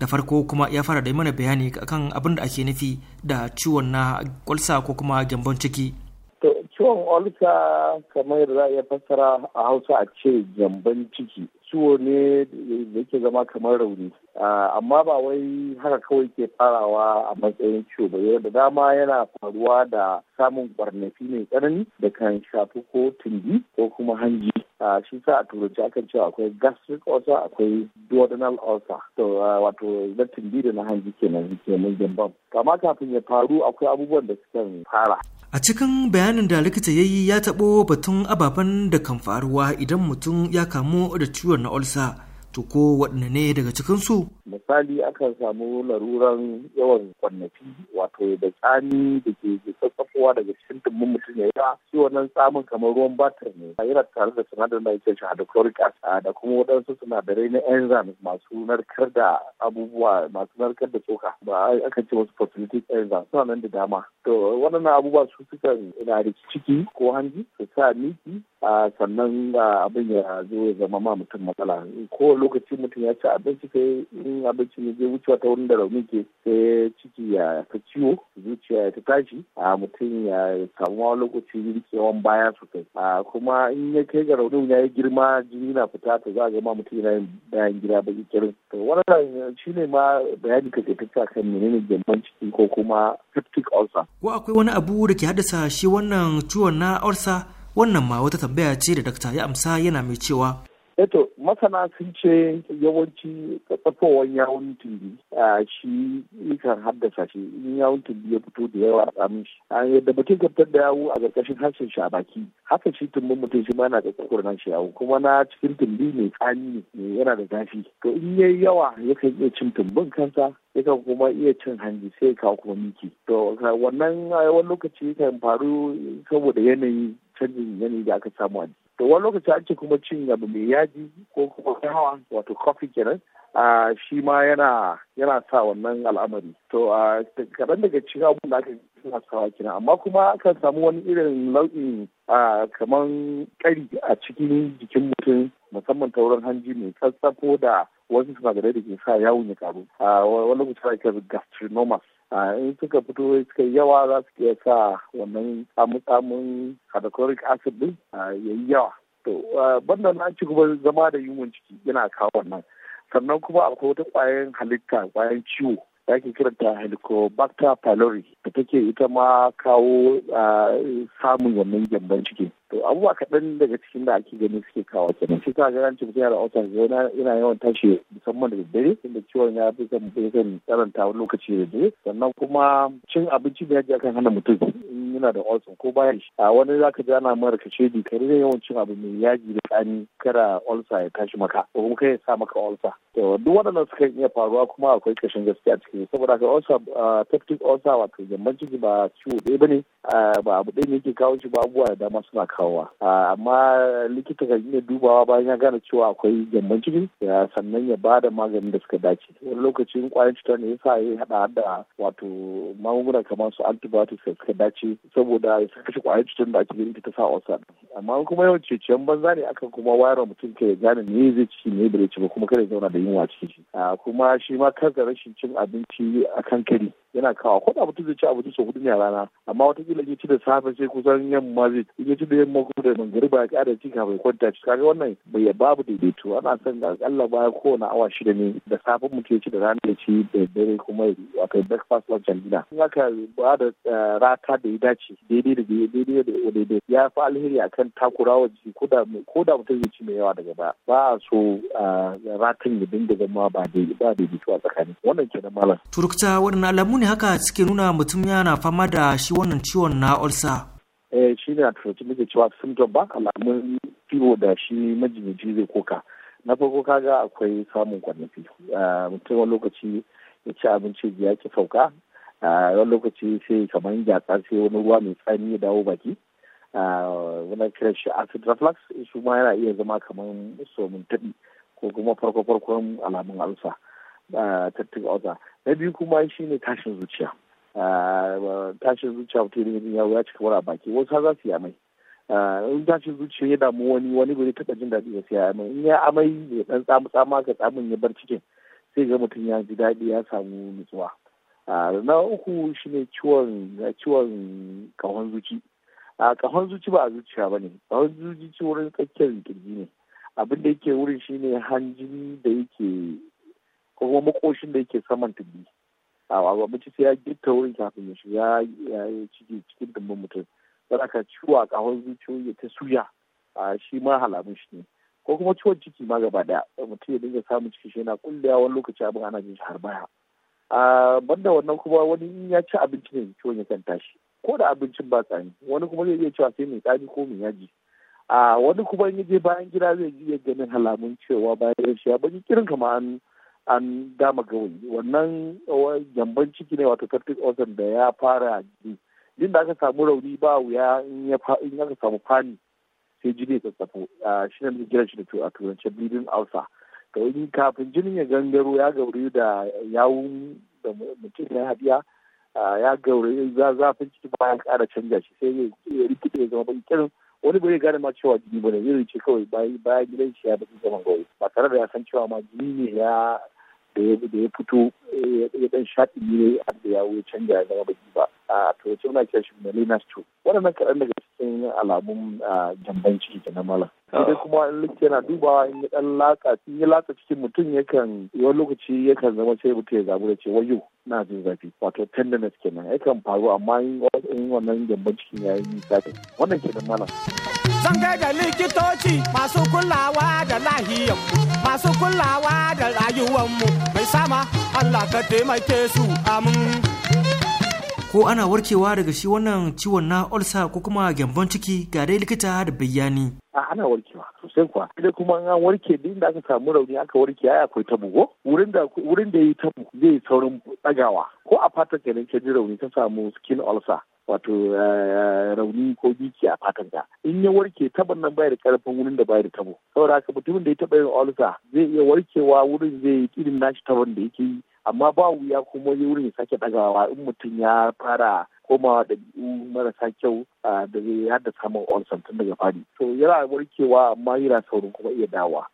da farko kuma ya fara da mana bayani kan abin da ake nufi da ciwon na kwalsa ko kuma gyambon ciki ciwon olka kamar yadda za a iya fassara a hausa a ce gyamban ciki ciwo ne da ke zama kamar rauni amma ba wai haka kawai ke farawa a matsayin ciwo ba da dama yana faruwa da samun kwarnafi mai tsanani da kan shafi ko tumbi ko kuma hanji a shi sa a turanci akan cewa akwai gastric ulcer akwai duodenal ulcer to wato na tumbi da na hanji kenan mun jamban. kama kafin ya faru akwai abubuwan da sukan fara a cikin bayanin da likita ya yi ya taɓo batun ababen da kan faruwa idan mutum ya kamu da ciwon na olsa to ko waɗanne ne daga cikinsu? Misali akan samu laruran yawan kwanaki wato da tsani da ke tsatsafowa daga cikin dumbin mutum ya ba shi wannan tsamin kamar ruwan batir ne yana tare da sinadarin da ake shahada chloric acid da kuma waɗansu sinadarai na enzymes masu narkar da abubuwa masu narkar da tsoka ba akan ce wasu phosphatic enzymes suna nan da dama to waɗannan abubuwa su sukan na da ciki ko hanji su sa miki sannan abin ya zo ya zama ma mutum matsala ko lokaci mutum ya ci abinci sai in abinci ne zai wucewa ta wurin da rauni ke sai ciki ya ta ciwo zuciya ya ta tashi a mutum ya samu wani lokaci rikewan baya sosai a kuma in ya kai ga raunin ya yi girma jini na fita ta, za a gama mutum yana bayan gida ba kirin to wannan shi ne ma bayani ka ke ta kan menene gyamban ciki ko kuma septic ulcer ko akwai wani abu da ke haddasa shi wannan ciwon na ulcer wannan ma wata tambaya ce da dakta ya amsa yana mai cewa Eto masana sun ce yawanci tsafowar yawon tumbi a shi kan haddasa shi in yawon tumbi ya fito da yawa a tsamin shi. A yadda mutum kaftar da yawo a ƙarƙashin harshen shi a baki haka shi tumbin mutum shi ma yana ƙarƙashin nan shi yawo kuma na cikin tumbi mai tsani ne yana da zafi. To in ya yi yawa ya yakan iya cin tumbin kansa yakan kuma iya cin hanji sai ka kuma miki. To wannan wani lokaci kan faru saboda yanayi canjin yanayi da aka samu a to wani lokaci ake kuma cin abu mai yaji ko kuma hawa wato coffee kenan a shi ma yana sa wannan al'amari to a kaɗan daga cikin abubuwan da aka suna sawa kenan amma kuma akan samu wani irin nau'in kaman ƙari a cikin jikin mutum musamman ta wurin hanji mai tsatsafo da wasu sinadarai da ke sa yawon ya karu a wani lokaci ake gastrinomas a in suka fito suka yawa za su iya sa wannan tsamutsamun tsamun hydrochloric acid din ya yi yawa to banda na ci gaba zama da yunwan ciki yana kawo wannan sannan kuma akwai wata kwayan halitta kwayan ciwo da ake kiranta helicobacter pylori da take ita ma kawo samun wannan gyamban ciki to abubuwa kaɗan daga cikin da ake gani suke kawo kenan shi ka ga mutum yana autar yana yawan tashi musamman da daddare inda ciwon ya fi kan karanta wani lokaci da dare sannan kuma cin abinci da yaji akan hana mutum yana da olson ko baya shi a wani zaka ka ana mara ka di ka rage yawancin abu mai yaji da tsani kara olsa ya tashi maka ko kuma kai ya sa maka olsa to duk waɗannan suka iya faruwa kuma akwai kashin gaskiya cikin saboda ka olsa peptic olsa wato gyamban ciki ba ciwo ɗaya ne ba abu ɗaya ne yake kawo shi ba abubuwa da dama suna kawowa amma likita kan iya dubawa bayan ya gane cewa akwai gyamban ciki sannan ya ba da maganin da suka dace wani lokacin kwayan cutar ne sa ya haɗa da wato magunguna kamar su antibiotics da suka dace saboda ya kashe kwayar cutar da ake ganin ta sa osan amma kuma yawan ceciyan banza ne akan kuma wayar mutum ya gane me zai ci ne bai ci ba kuma kada ya zauna da yunwa cikin shi ah, kuma shi ma da rashin cin abinci akan kari yana kawo ko da mutum zai ci abinci sau hudu ne a rana amma watakila ya ci da safe sai kusan yamma zai ya ci da yamma kuma da ba ya kada ci kafin kwanta ci kaga wannan bai babu daidaito ana son ga akalla baya kowane awa shida ne da safe mutum ya ci da rana ya ci da dare kuma wato breakfast lunch and dinner in aka ba da eh, rata da ya dace daidai da daidai da daidai ya fi alheri akan takurawa jiki ko da mutum zai ci mai yawa daga baya ba a so eh, ratan ya dinga zama ba daidaito a tsakani wannan da malam turkta waɗannan alamu ne ne haka suke nuna mutum yana fama da shi wannan ciwon na ulsa eh shi ne a turci muke cewa symptom ba alamun ciwo da shi majinyaci zai koka na farko kaga akwai samun kwanafi ah, mutum wani lokaci ya ci abinci ya ki sauka ah, wani lokaci sai kamar gyatsa sai wani ruwa mai tsani ya dawo baki ah, wani kira shi acid reflux shi ma yana iya zama kamar somin taɓi ko kuma farko-farkon alamun alsa tattun oza na biyu kuma shi ne tashin zuciya tashin zuciya mutum ne ya ya cika wara baki wasu haza za su yi amai in tashin zuciya ya damu wani wani bai taɓa jin daɗi ya sai amai in ya amai ya dan tsamu tsama ka tsamin ya bar cikin sai ga mutum ya ji daɗi ya samu nutsuwa na uku shine ciwon ciwon kahon zuci a kahon zuci ba a zuciya ba ne kahon zuci wurin tsakiyar kirji ne abin da yake wurin shine hanjin da yake ko kuma makoshin da yake saman tumbi a abinci sai ya gitta wurin kafin ya shiga ya yi ciki cikin dumbin mutum aka ciwo a kahon zuciyoyi ta suya a shi ma halamun shi ne ko kuma ciwon ciki ma gaba daya mutum ya dinga samun ciki shi yana kullewa wani lokaci abin ana jin shi har baya a banda wannan kuma wani in ya ci abinci ne ciwon kan tashi ko da abincin ba tsani wani kuma zai iya cewa sai mai tsani ko mai yaji a wani kuma in ya je bayan gida zai iya ganin halamun cewa bayan shi ya bari kirin kama an dama gawayi wannan jamban ciki ne wato septic ozan da ya fara jini din da aka samu rauni ba wuya in aka samu fani sai jini ya tsatsafo shi ne muke kiran shi da a turance bidin alsa to in kafin jinin ya gangaro ya gauri da yawun da mutum ya haɗiya ya gauri zafin ciki ba ya kara canja shi sai ya rikita ya zama baki kirin wani bai gane ma cewa jini bane zai ce kawai bayan gidan shi ya bata zaman gauri ba tare da ya san cewa ma jini ne ya da ya fito eh, ya dan shaɗi ne da ya wuce canja ya zama baki ba a turanci muna kira shi melina stew Wannan kaɗan daga cikin alamun jambanci da na malam sai kuma in likita yana dubawa in ya dan laka in ya laka cikin mutum yakan wani lokaci yakan zama sai mutum ya zamu da ce wayo na jin zafi wato tenderness kenan yakan faru amma in wannan jambanci ya yi nisa wannan kenan malam. san kai da likitoci masu kulawa da lahiyar masu kulawa da mu mai sama Allah ka taimake su amin. Ko ana warkewa daga shi wannan ciwon na olsa ko kuma gyambon ciki ga dai likita da bayani. a ana warkewa sosai kuwa idan kuma an warke duk da aka samu rauni aka warke ai akwai tabo wurin da wurin da yi tabo zai saurin tsagawa ko a fata kenan ka ji rauni ta samu skin ulcer wato eh, rauni ko Biki a fatan ka in ya warke taban nan bai da karfin wurin da bai da tabo saboda haka mutumin da ya taba yin olsa zai iya warkewa wurin zai yi irin nashi taban da yake yi amma ba wuya kuma wurin ya sake dagawa in mutum ya fara komawa ɗabi'u marasa kyau da zai haddasa min olsen tun daga fari to yana warkewa amma yana saurin kuma iya dawa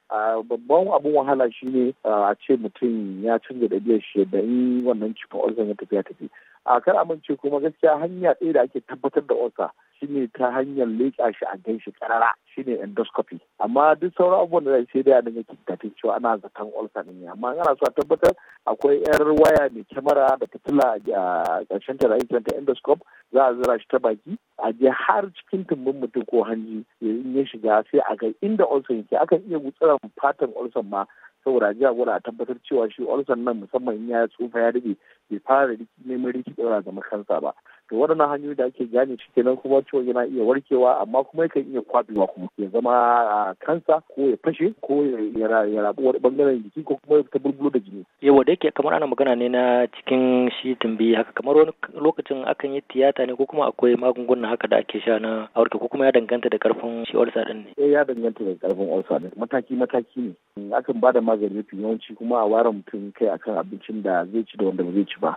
babban abin wahala shine a ce mutum ya canza ɗabi'ar shi da yi wannan cikin olsen ya tafiya tafi a kar amince kuma gaskiya hanya ɗaya da ake tabbatar da olsa shine ta hanyar leƙa shi a gan shi ƙarara shine endoscopy amma duk sauran abubuwan da zai sai dai a dinga kintatin cewa ana zaton ulcer ne amma ana so a tabbatar akwai yar waya mai kyamara da fitila a ƙarshen ta da ta endoscope za a zira shi ta baki a je har cikin tumbin mutum ko hanji in ya shiga sai a ga inda ulcer yake akan iya gutsuran fatan ulcer ma saboda a jagora a tabbatar cewa shi ulcer nan musamman in ya tsufa ya rage bai fara neman rikidora ga makansa ba to waɗannan hanyoyi da ake gane shi kenan kuma ciwon yana iya warkewa amma kuma yakan iya kwabewa kuma ya zama a kansa ko ya fashe ko ya rabu wani bangaren jiki ko kuma ya fita da jini. yawa da yake kamar ana magana ne na cikin shi tumbi haka kamar wani lokacin akan yi tiyata ne ko kuma akwai magungunan haka da ake sha na aurka ko kuma ya danganta da karfin shi olsa din ne. Eh, ya danganta da karfin olsa din mataki mataki ne akan ba da magani yawanci kuma a ware mutum kai akan abincin da zai ci da wanda ba zai ci ba.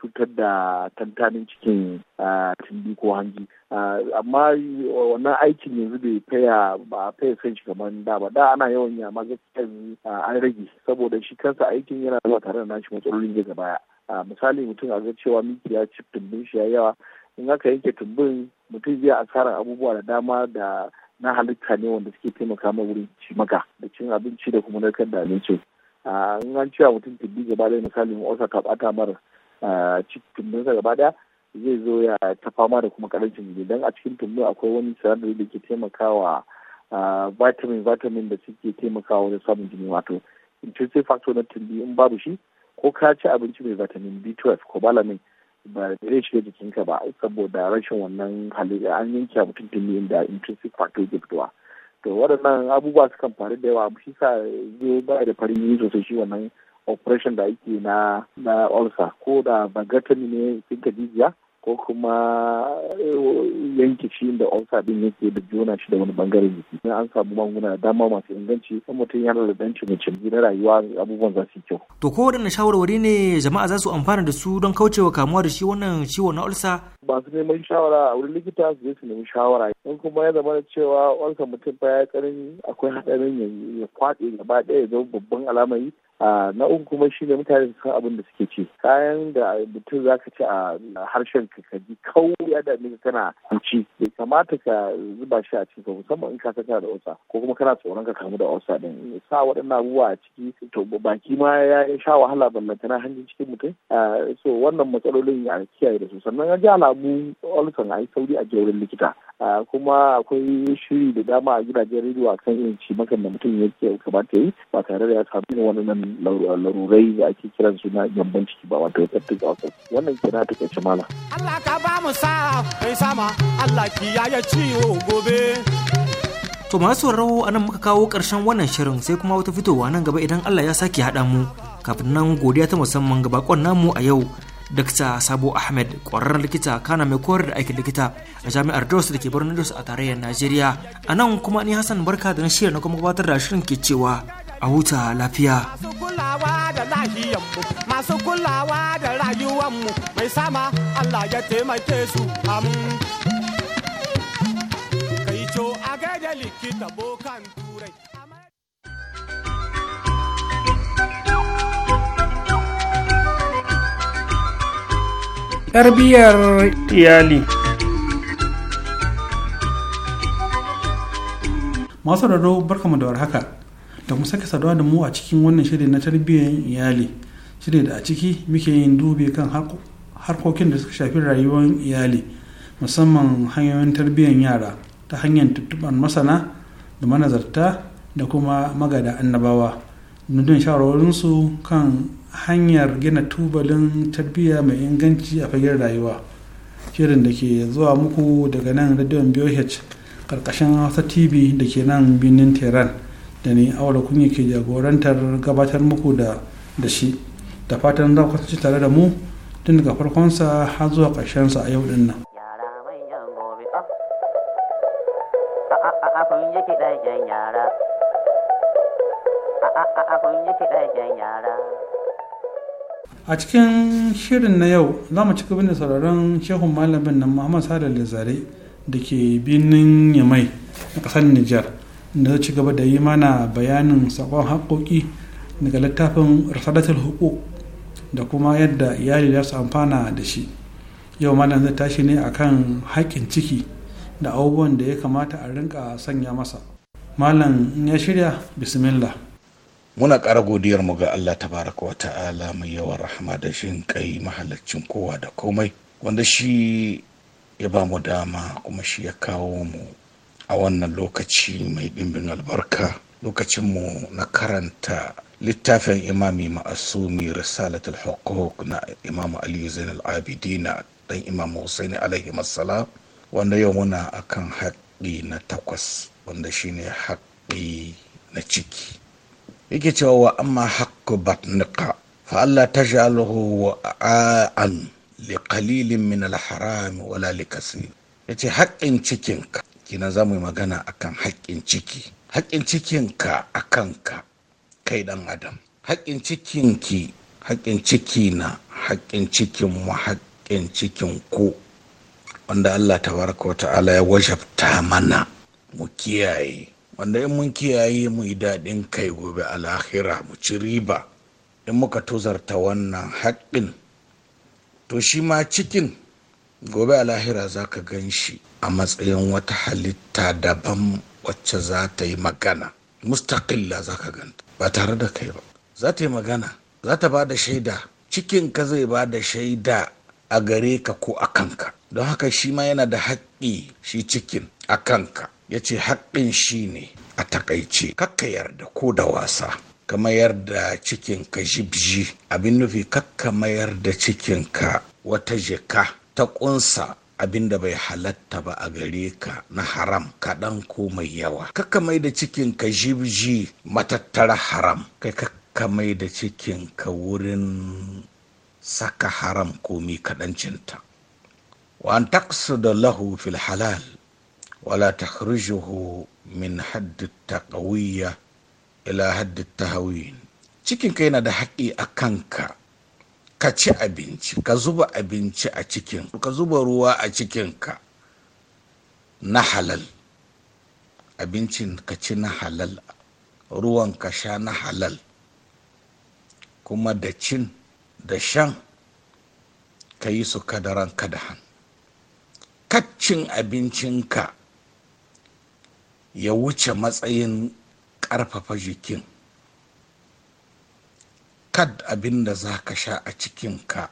cutar da tantanin cikin tundi ko hanji amma wannan aikin yanzu bai faya ba faya san shi kamar da ba da ana yawan yi amma gaskiya an rage saboda shi kansa aikin yana zuwa tare da nashi matsalolin ga baya misali mutum a ga cewa miki ya ci tumbin shi ya yawa in aka yanke tumbin mutum zai asara abubuwa da dama da na halitta ne wanda suke taimaka ma wurin ci maka da cin abinci da kuma narkar da abinci in an cewa mutum tumbi gaba da misali osa ta bata mara cikin tumbinsa gaba daya zai zo ya ta fama da kuma karancin jini don a cikin tumbin akwai wani sinadari da ke taimakawa vitamin vitamin da suke taimakawa wajen samun jini wato intrinsic factor na tumbi in babu shi ko ka ci abinci mai vitamin B12 ko balamin ba zai shiga jikinka ba saboda rashin wannan halitta an yanke mutum tumbi inda intrinsic factor ke fitowa to waɗannan abubuwa sukan faru da yawa shi sa eh, zai ba da farin yi sosai shi wannan operation da ake na na ulcer ko da bagatani ne tsinka jijiya ko kuma eh, yanke shi da ulcer din yake da juna shi da wani bangare jiki in an samu magunguna da dama masu inganci kuma mutum yana da danci mace na rayuwa abubuwan za su kyau to ko waɗanne shawarwari ne jama'a za su amfana da su don kaucewa kamuwa da shi wannan ciwo na ulcer ba su neman shawara a wurin likita su je su nemi shawara in kuma ya zama da cewa ulcer mutum ba ya karin akwai haɗarin ya kwaɗe gaba ɗaya ya zama babban alamari na uku kuma shi ne mutane su san abin da suke ci kayan da mutum za ka ci a harshen ka ka ji kawai ya dame ka kana ci bai kamata ka zuba shi a cikin musamman in ka san kana da osa ko kuma kana tsoron ka kamu da osa din sa waɗannan abubuwa a ciki to baki ma ya sha wahala ballantana hanjin cikin mutum so wannan matsalolin a kiyaye da su sannan ya ji alamu olson a yi sauri a jerin likita kuma akwai shiri da dama a gidajen rediyo a kan yanci makan da mutum yake kamata yi ba tare da ya samu irin nan larurai da ake kiran suna gyamban ciki ba wato ta kawo wannan kira ta kace mala. Allah ka ba mu sa kai sama Allah kiyaye ciwo gobe. To masu sauraro a nan muka kawo ƙarshen wannan shirin sai kuma wata fitowa nan gaba idan Allah ya sake haɗa mu kafin nan godiya ta musamman ga bakon namu a yau Dokta Sabo Ahmed ƙwararren likita kana mai koyar da aikin likita a jami'ar Jos da ke birnin Jos a tarayyar Najeriya. A nan kuma ni Hassan Barka da na shirya na kuma gabatar da shirin ke cewa a huta lafiya. Masu kulawa da lahiyanmu, masu kulawa da rayuwanmu, mai sama Allah ya taimake su am. Kai a gaida likita bokan turai. tarbiyyar iyali masu raro barkamu da warhaka da mu sake saduwa da mu a cikin wannan shirin na tarbiyyar iyali shirin da a ciki muke yin dubi kan harkokin da suka shafi rayuwar iyali musamman hanyoyin tarbiyyar yara ta hanyar tuttuban masana da manazarta da kuma magada annabawa nudin shawarwarinsu kan hanyar gina tubalin tarbiyya mai inganci a fagen rayuwa shirin da ke zuwa muku daga nan radion BOH karkashin hausa tv da ke nan birnin tehran da ni awala kunya ke jagorantar gabatar muku da da shi da fatan za ku kasance tare da mu tun daga farkonsa har zuwa ƙarshensa a yau din nan yara a cikin shirin na yau za mu ci gaba da sauraron shehun malamin nan muhammad sada lizare da ke birnin yamai na ƙasar nijar da ci gaba da yi mana bayanin sakon haƙoƙi daga littafin rasadatul hukuk da kuma yadda iyali za su amfana da shi yau malam zai tashi ne akan haƙƙin ciki da abubuwan da ya kamata a rinka sanya masa malam ya shirya bismillah muna ƙara godiyar mu ga Allah tabaraka wa ta'ala mai yawan rahama da shin kai mahalaccin kowa da komai wanda shi ya ba mu dama kuma shi ya kawo mu a wannan lokaci mai ɗimbin albarka lokacin mu na karanta littafin imami ma'asumi risalatul hukuk na imam ali zainal abidina dan imam Hussaini alaihi masala wanda yau muna akan haɗi na takwas wanda shine haɗi na ciki yake cewa wa amma haqqu batnika fa Allah taj'aluhu wa'an li qalilin min al-haram wala li kasir yace haƙƙin cikinka kina za mu yi magana akan haƙƙin ciki haƙƙin cikinka a kanka kai ɗan adam haƙƙin cikinki haƙƙin ciki na haƙƙin cikin mu haƙƙin cikin ku wanda Allah tabaraka wa ta'ala ya wajabta mana mu kiyaye wanda in mun kiyaye mu yi daɗin kai gobe lahira mu ci riba in muka tuzarta wannan haƙƙin to shi ma cikin gobe lahira za ka gan shi a matsayin wata halitta daban wacce za ta yi magana mustaƙilla za ka ganta ba tare da kai ba za ta yi magana za ta ba da shaida cikin ka zai ba da shaida a gare ka ko a kanka don haka shi ma yana da haƙƙi shi cikin a kanka ya ce haƙƙin shi ne a takaice kakka yarda ko da wasa ka mayar da cikinka jibji abin nufi kakka mayar da cikinka wata jika ta ƙunsa abin da bai halatta ba a gare ka na haram kaɗan ko mai yawa kakka mai da cikinka jibji matattara haram kai kakka mai da cikinka wurin saka haram komi kaɗancinta wa an taksu da lahu fil halal ولا تخرجه من حد التقوية إلى حد التهوين cikin kai da haƙƙi a kanka ka ci abinci ka zuba abinci a cikin ka zuba ruwa a cikinka na halal abincin ka ci na halal ruwan ka sha na halal kuma da cin da shan ka yi su kadaran kadahan kaccin abincinka ya wuce matsayin ƙarfafa jikin kad abin da za ka sha a cikinka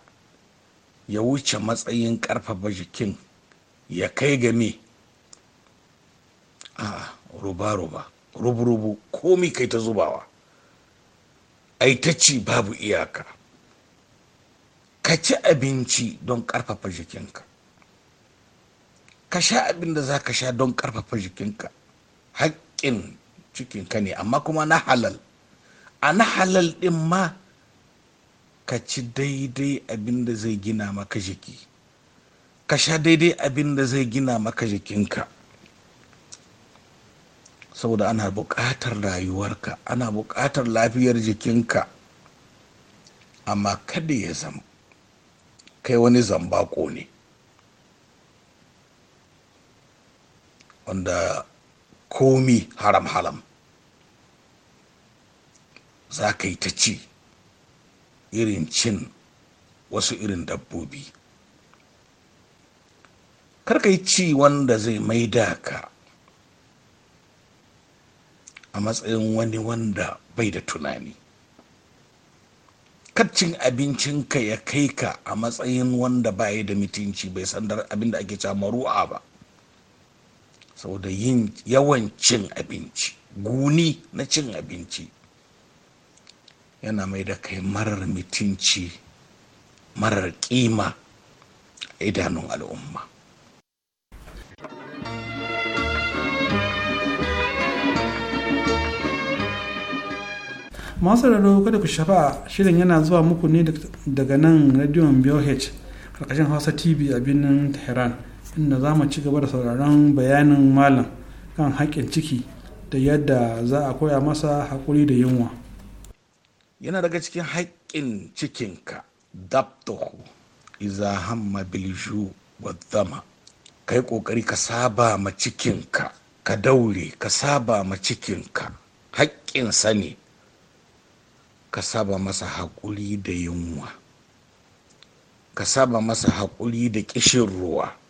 ya wuce matsayin ƙarfafa jikin ya kai game a ruba-ruba rubu-rubu komi kai ta zubawa aitacci babu iyaka ka ci abinci don ƙarfafa jikinka ka sha abin da za ka sha don ƙarfafa jikinka haƙƙin cikinka ne amma kuma na halal a na halal ɗin ma ka ci daidai abin da zai gina maka jiki ka sha daidai abin da zai gina maka jikinka saboda ana buƙatar rayuwarka ana buƙatar lafiyar jikinka amma kada ya zama kai wani zambako ne wanda komi haram haram za ka yi ta ci irin cin wasu irin dabbobi karka yi ci wanda zai maida ka a matsayin wani wanda bai da tunani kaccin abincinka ya kai ka a matsayin wanda baya da mutunci bai sandar abin da ake ru'a ba saboda yin yawan cin abinci guni na cin abinci yana mai da kai marar mutunci marar kima a idanun al'umma masu raro kada ku shafa shirin yana zuwa muku ne daga nan radiyon h karkashin hausa tv a birnin tehran inda za mu ci gaba da sauraron bayanin malam kan haƙƙin ciki da yadda za a koya masa haƙuri da yunwa yana daga cikin haƙƙin cikinka dabtahu iza hamma bilju wa zama ka yi ƙoƙari ka saba ma cikinka ka daure ka saba ma cikinka haƙƙinsa ne ka saba masa haƙuri da yunwa ka saba masa haƙuri da ƙishin ruwa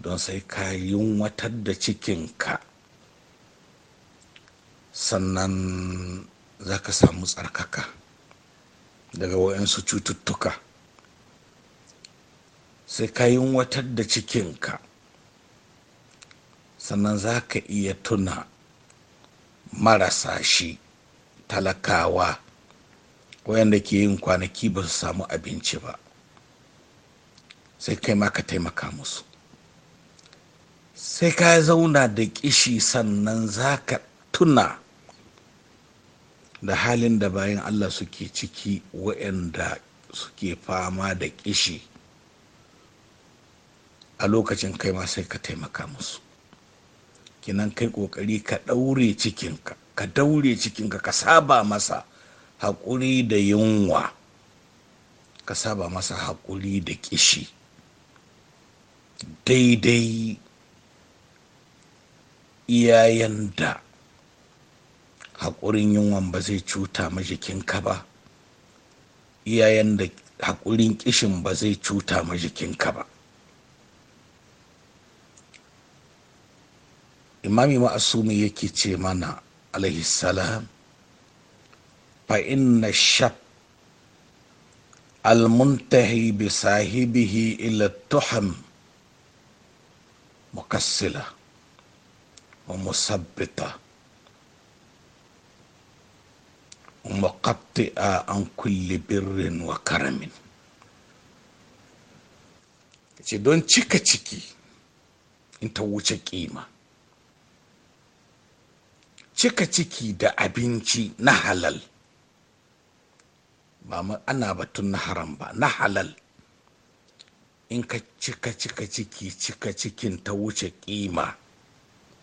don sai ka yunwatar da cikinka sannan za ka samu tsarkaka daga waɗansu cututtuka sai ka yunwatar da cikinka sannan za ka iya tuna marasa shi talakawa wayanda ke yin kwanaki ba su samu abinci ba sai kai ma ka taimaka musu sai ka zauna da kishi sannan za ka tuna da halin da bayan allah suke ciki waɗanda suke fama da kishi a lokacin kai ma sai ka taimaka musu kinan kai ƙoƙari ka daure cikinka ka daure cikinka ka saba masa haƙuri da yunwa ka saba masa haƙuri da kishi daidai iyayen da haƙurin yunwan ba zai cuta ma jikinka ba iyayen da haƙurin ƙishin ba zai cuta ma jikinka ba imami ma'asumi yake ce mana alaihissalam salam fa inna shab bi بصاحبه ila tuhan mukassila ومثبطة ومقطئة عن كل بر وكرم ce don cika ciki in ta wuce kima cika ciki da abinci na halal ba ana batun na haram ba na halal in ka cika cika ciki cika cikin ta wuce kima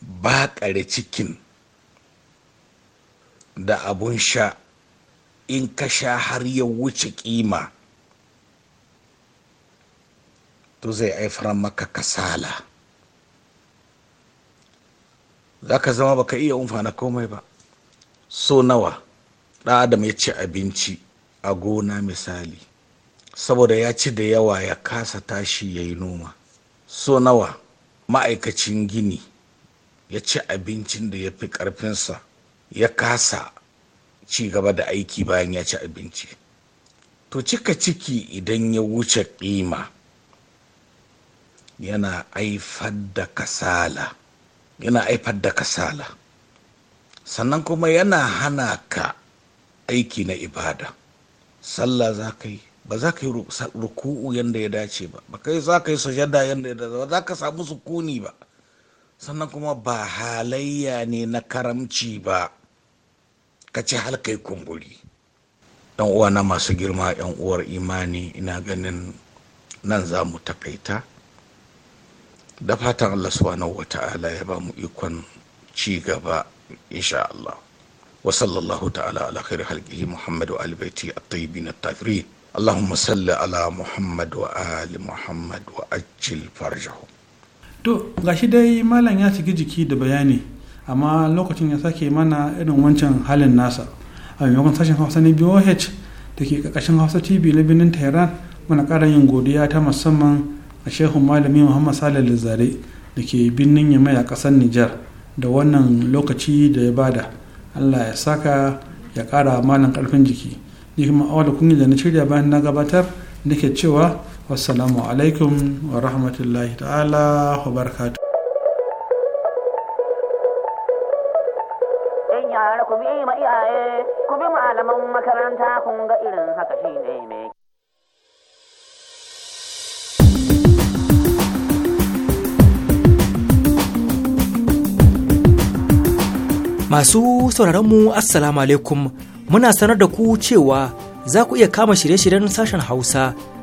bakare cikin da abun sha in ka sha har ya wuce kima to zai haifar maka kasala za ka zama baka iya umfana komai ba so nawa adam ya ci abinci a gona misali saboda ya ci da yawa ya kasa tashi ya yi noma so nawa ma'aikacin gini ya ci abincin da ya fi ƙarfinsa ya kasa ci gaba da aiki bayan ya ci abinci to cika ciki idan ya wuce ƙima yana haifar da kasala yana aifar da kasala sannan kuma yana hana ka aiki na ibada sallah za ka yi ba za ka yi ruku'u yadda ya dace ba ba kai za ka yi sujada yadda ya dace ba za ka samu sukuni ba sannan kuma ba halayya ne na karamci ba ka ci halkai kumburi ɗan uwa masu girma yan uwar imani ina ganin nan za mu takaita da fatan allah subhanahu wa ta'ala ya ba mu ikon ci gaba insha allah wa sallallahu ta'ala ala khairi muhammadu albaiti a albayti na tafiri Allahumma salli ala صل wa Ali وآل wa ajil farjahu to shi dai malam ya shiga jiki da bayani amma lokacin ya sake mana irin wancan halin nasa a maimakon sashen hausa na boh da ke kakashin hausa tv na birnin tehran muna ƙara yin godiya ta musamman a shehun malami muhammad salih lizare da ke birnin yamai a ƙasar nijar da wannan lokaci da ya bada allah ya saka ya ƙara malam ƙarfin jiki ni kuma da kunya da na shirya bayan na gabatar nake cewa wassalamu alaikum wa rahmatullahi ta'ala wa barakatu ku bi makaranta kun irin haka shine Masu sauraronmu Assalamu alaikum muna sanar da ku cewa za ku iya kama shirye-shiryen sashen Hausa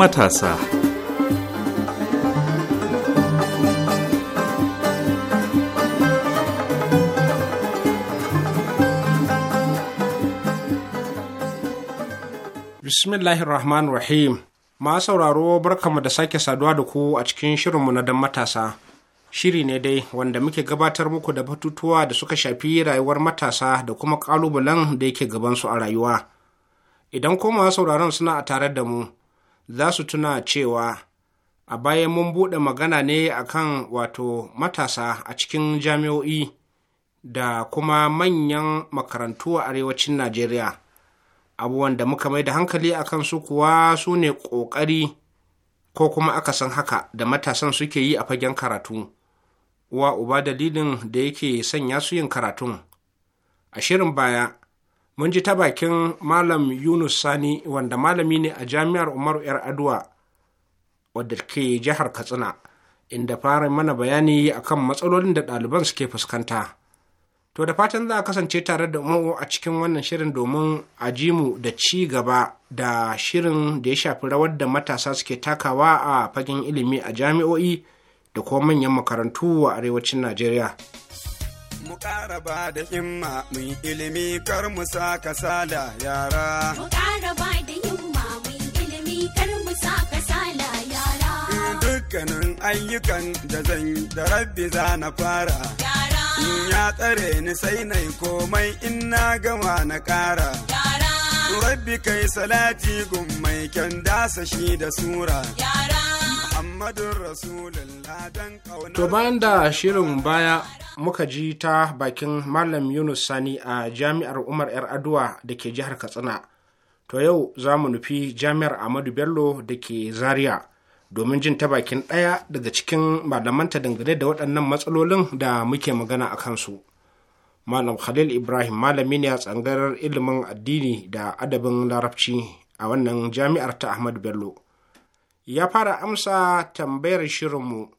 matasa. Bismillahir Rahmanir Rahim. Ma sauraro barkamu da sake saduwa da ku a cikin shirinmu na dan matasa. Shiri ne dai wanda muke gabatar muku da batutuwa da suka shafi rayuwar matasa da kuma ƙalubalen da yake gabansu a rayuwa. Idan koma sauraron suna a tare da mu, za su tuna cewa a baya mun buɗe magana ne akan wato matasa a cikin jami'o'i da kuma manyan makarantu a arewacin najeriya abubuwan da muka mai da hankali a su kuwa su ne ƙoƙari ko kuma aka san haka da matasan suke yi a fagen karatu wa uba dalilin da yake sanya su yin karatun a shirin baya mun ji ta bakin malam yunus sani wanda malami ne a jami'ar umaru yar aduwa wadda ke jihar katsina inda fara mana bayani akan matsalolin da ɗaliban suke fuskanta to da fatan za a kasance tare da umu a cikin wannan shirin domin a ji mu da ci gaba da shirin da ya shafi rawar da matasa suke takawa a fagen ilimi a jami'o'i da kuma manyan makarantu a arewacin najeriya mu ƙara ba da himma mu yi ilimi kar mu sa kasala yara. Mu ƙara ba da himma mu yi ilimi kar mu sa kasala yara. Dukkanin ayyukan da zan da rabbi za na fara. Yara. In ya tsare ni sai na komai in na gama na ƙara. Yara. Rabbi kai salati gummai mai kyan dasa shi da sura. Yara. To bayan da shirin baya muka ji ta bakin Malam Yunus Sani a Jami'ar Umar 'yar Aduwa da ke jihar Katsina. To yau za mu nufi Jami'ar Ahmadu Bello da ke Zaria domin jin ta bakin ɗaya daga cikin malamanta dangane da waɗannan matsalolin da muke magana a kansu. Malam Khalil Ibrahim malami ne a tsangarar ilimin addini da adabin larabci a wannan jami'ar ta Ahmadu Bello. ya fara amsa tambayar shirinmu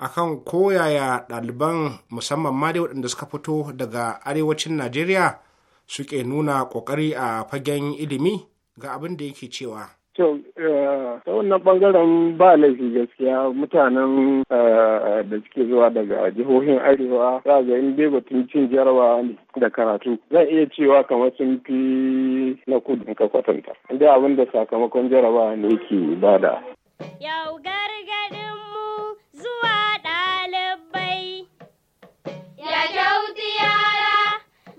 akan koyaya ɗaliban musamman ma dai waɗanda suka fito daga arewacin najeriya suke nuna ƙoƙari a fagen ilimi ga abin da yake cewa To, eh, ta wannan ɓangaren ba laifi gaskiya mutanen eh, da suke zuwa daga jihohin arewa za ga in dai batun cin jarawa da karatu zan iya cewa kamar sun fi na kudu ka kwatanta inda abin da sakamakon jarawa ne ke bada yau mu zuwa ɗalibai. Ya kyauti yara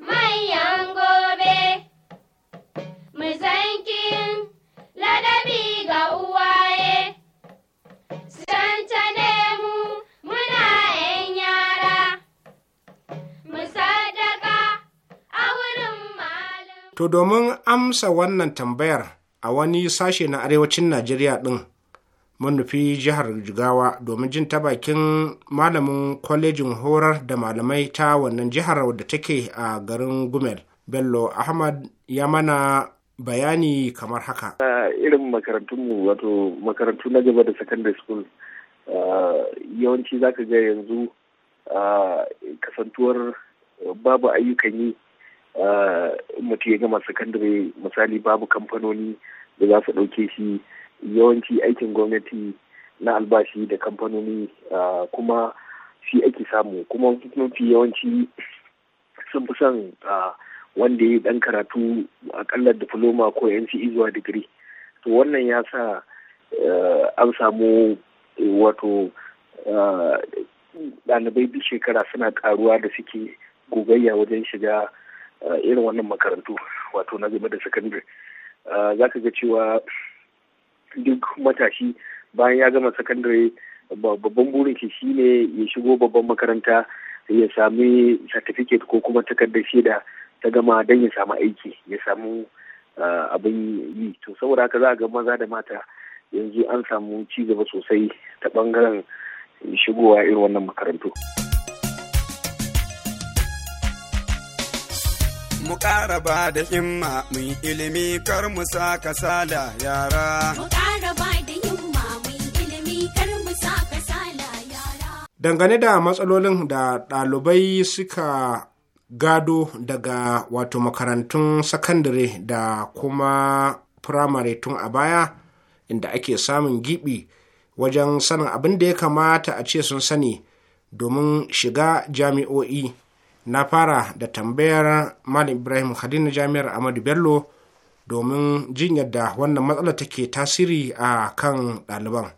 manyan gobe, mu zankin ladabi ga uwaye, cancane mu muna ‘yan yara, mu sadaka a wurin malam. To domin amsa wannan tambayar a wani sashe na arewacin Najeriya ɗin. manufi jihar jigawa domin jin ta bakin malamin kwalejin horar da malamai ta wannan jihar wadda take a garin gumel bello ahmad ya mana bayani kamar haka a irin makarantunmu wato makarantu na gaba da secondary school yawanci za ka ga yanzu kasantuwar babu ayyukan yi mutu ya gama secondary misali babu kamfanoni da za su ɗauke shi yawanci aikin gwamnati na albashi da kamfanoni kuma shi ake samu kuma mafi yawanci sun fi son wanda ya dan karatu akalla diploma ko yanci e zuwa digiri to wannan ya sa an samu wato ɗalibai duk shekara suna karuwa da suke gogayya wajen shiga irin wannan makarantu wato na game da sakandare za ka ga cewa duk matashi bayan ya gama sakandare babban burin shi shine ya shigo babban makaranta ya sami certificate ko kuma takardar shaida ta gama don ya samu aiki ya samu ah, abin yi to saboda haka za a ga maza da mata yanzu an samu ci gaba sosai ta bangaren shigowa irin wannan makarantu. mu ƙara ba da himma mu yi ilimi kar mu sa kasala yara. da Dangane da matsalolin da ɗalibai suka gado daga wato makarantun sakandare da kuma firamare tun a baya inda ake samun giɓi wajen sanin abin da ya kamata a ce sun sani domin shiga jami'o'i. na fara da tambayar malam ibrahim hadina jami'ar amadu bello domin jin yadda wannan matsala take tasiri a kan ɗaliban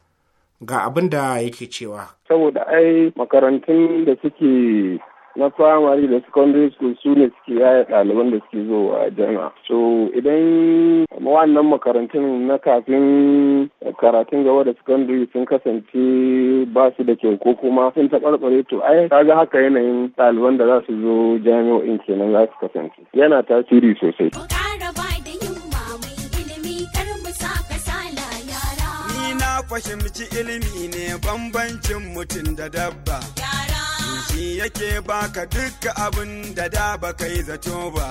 ga abin da yake cewa saboda ai makarantun da suke na primary da secondary school su ne suke yaya ɗaliban da suke zowa jami'a so idan wannan makarantun na kafin karatun gaba da secondary sun kasance ba su da kyau ko kuma sun taɓarɓare to ai kaga haka yanayin ɗaliban da za su zo jami'o'in kenan za su kasance yana tasiri sosai. Ni na fahimci ilimi ne bambancin mutum da dabba. shi yake baka dukka abin da da baka yi zato ba.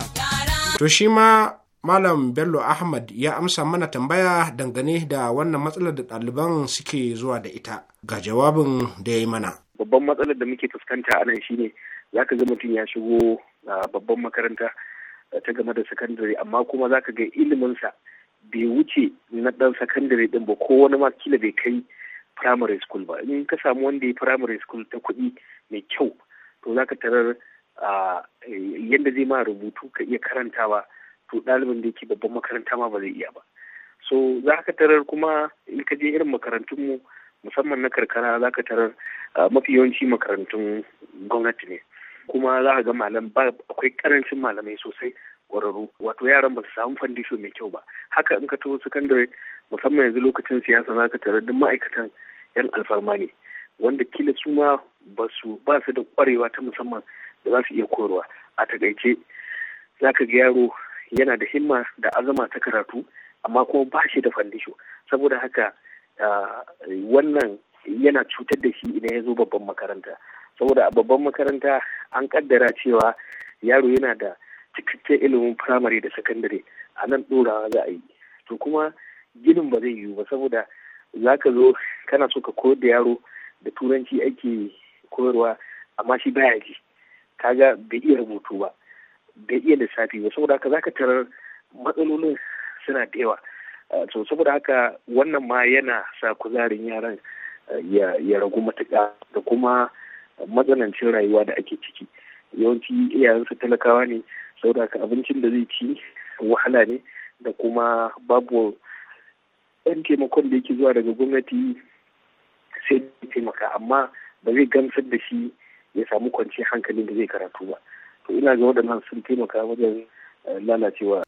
To shi ma Malam Bello Ahmad ya amsa mana tambaya dangane da wannan matsalar da ɗaliban suke zuwa da ita ga jawabin da ya yi mana. Babban matsalar da muke fuskanta a nan shine za ka ga mutum ya shigo babban makaranta ta game da sakandare amma kuma za ka ga iliminsa bai wuce na ɗan sakandare ɗin ba ko wani ma kila bai kai primary school ba in ka samu wanda ya primary school ta kuɗi mai kyau to za ka tarar yadda zai ma rubutu ka iya karantawa to ɗalibin da yake babban makaranta ma ba zai iya ba so za ka tarar kuma in ka je irin makarantunmu musamman na karkara za ka tarar mafi yawanci makarantun gwamnati ne kuma za ka ga malam ba akwai karancin malamai sosai kwararru wato yaran ba su samu fandisho mai kyau ba haka in ka taho sakandare musamman yanzu lokacin siyasa za ka tare duk ma'aikatan yan alfarma ne wanda kila su ma ba su ba su da kwarewa ta musamman da za su iya koyarwa a takaice za ka ga yaro yana da himma da azama ta karatu amma kuma ba shi da fandisho saboda haka wannan yana cutar da shi idan ya zo babban makaranta saboda a babban makaranta an kaddara cewa yaro yana da cikakken ilimin firamare da sakandare a nan ɗorawa za a yi to kuma ginin ba zai yiwu ba saboda za ka zo kana so ka koyar da yaro da turanci ake koyarwa amma shi baya ji kaga bai iya rubutu ba bai iya lissafi ba saboda haka za ka tarar matsalolin suna da yawa eh, to saboda haka wannan ma yana sa kuzarin yaran eh, ya ragu matuƙa da kuma matsanancin rayuwa da ake ciki yawanci iyayensu talakawa ne saboda ka abincin da zai ci wahala ne da kuma babu ɗan taimakon da yake zuwa daga gwamnati sai da taimaka amma ba zai gamsar da shi ya samu kwanciyar hankalin da zai karatu ba to ina ga waɗannan sun taimaka wajen eh, lalacewa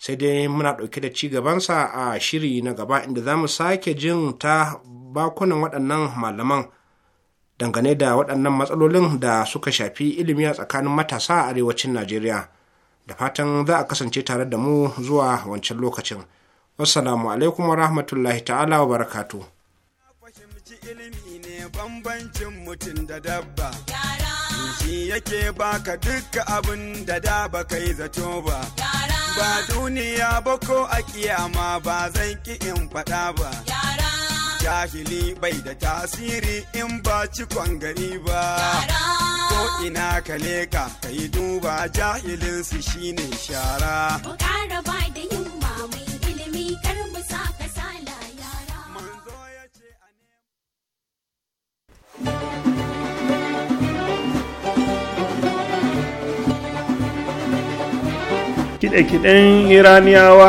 sai dai muna ɗauke da ci gabansa a shiri na gaba inda za mu sake jin ta bakunan waɗannan malaman dangane da waɗannan matsalolin da suka shafi ilimi a tsakanin matasa a arewacin najeriya da fatan za a kasance tare da mu zuwa wancan lokacin wassalamu alaikum wa rahmatullahi ta'ala wa barakatu bambancin mutum da dabba shi yake baka dukkan abin da da baka yi zato ba Ba duniya ba ko a kiyama ba zan ki in faɗa ba. Jahili bai da tasiri in ba cikon gari ba. Ko ina ka leka ka yi duba jahilin su shine shara. Ku ba da yin mai ilimi kar mu kiɗe-kiɗen iraniyawa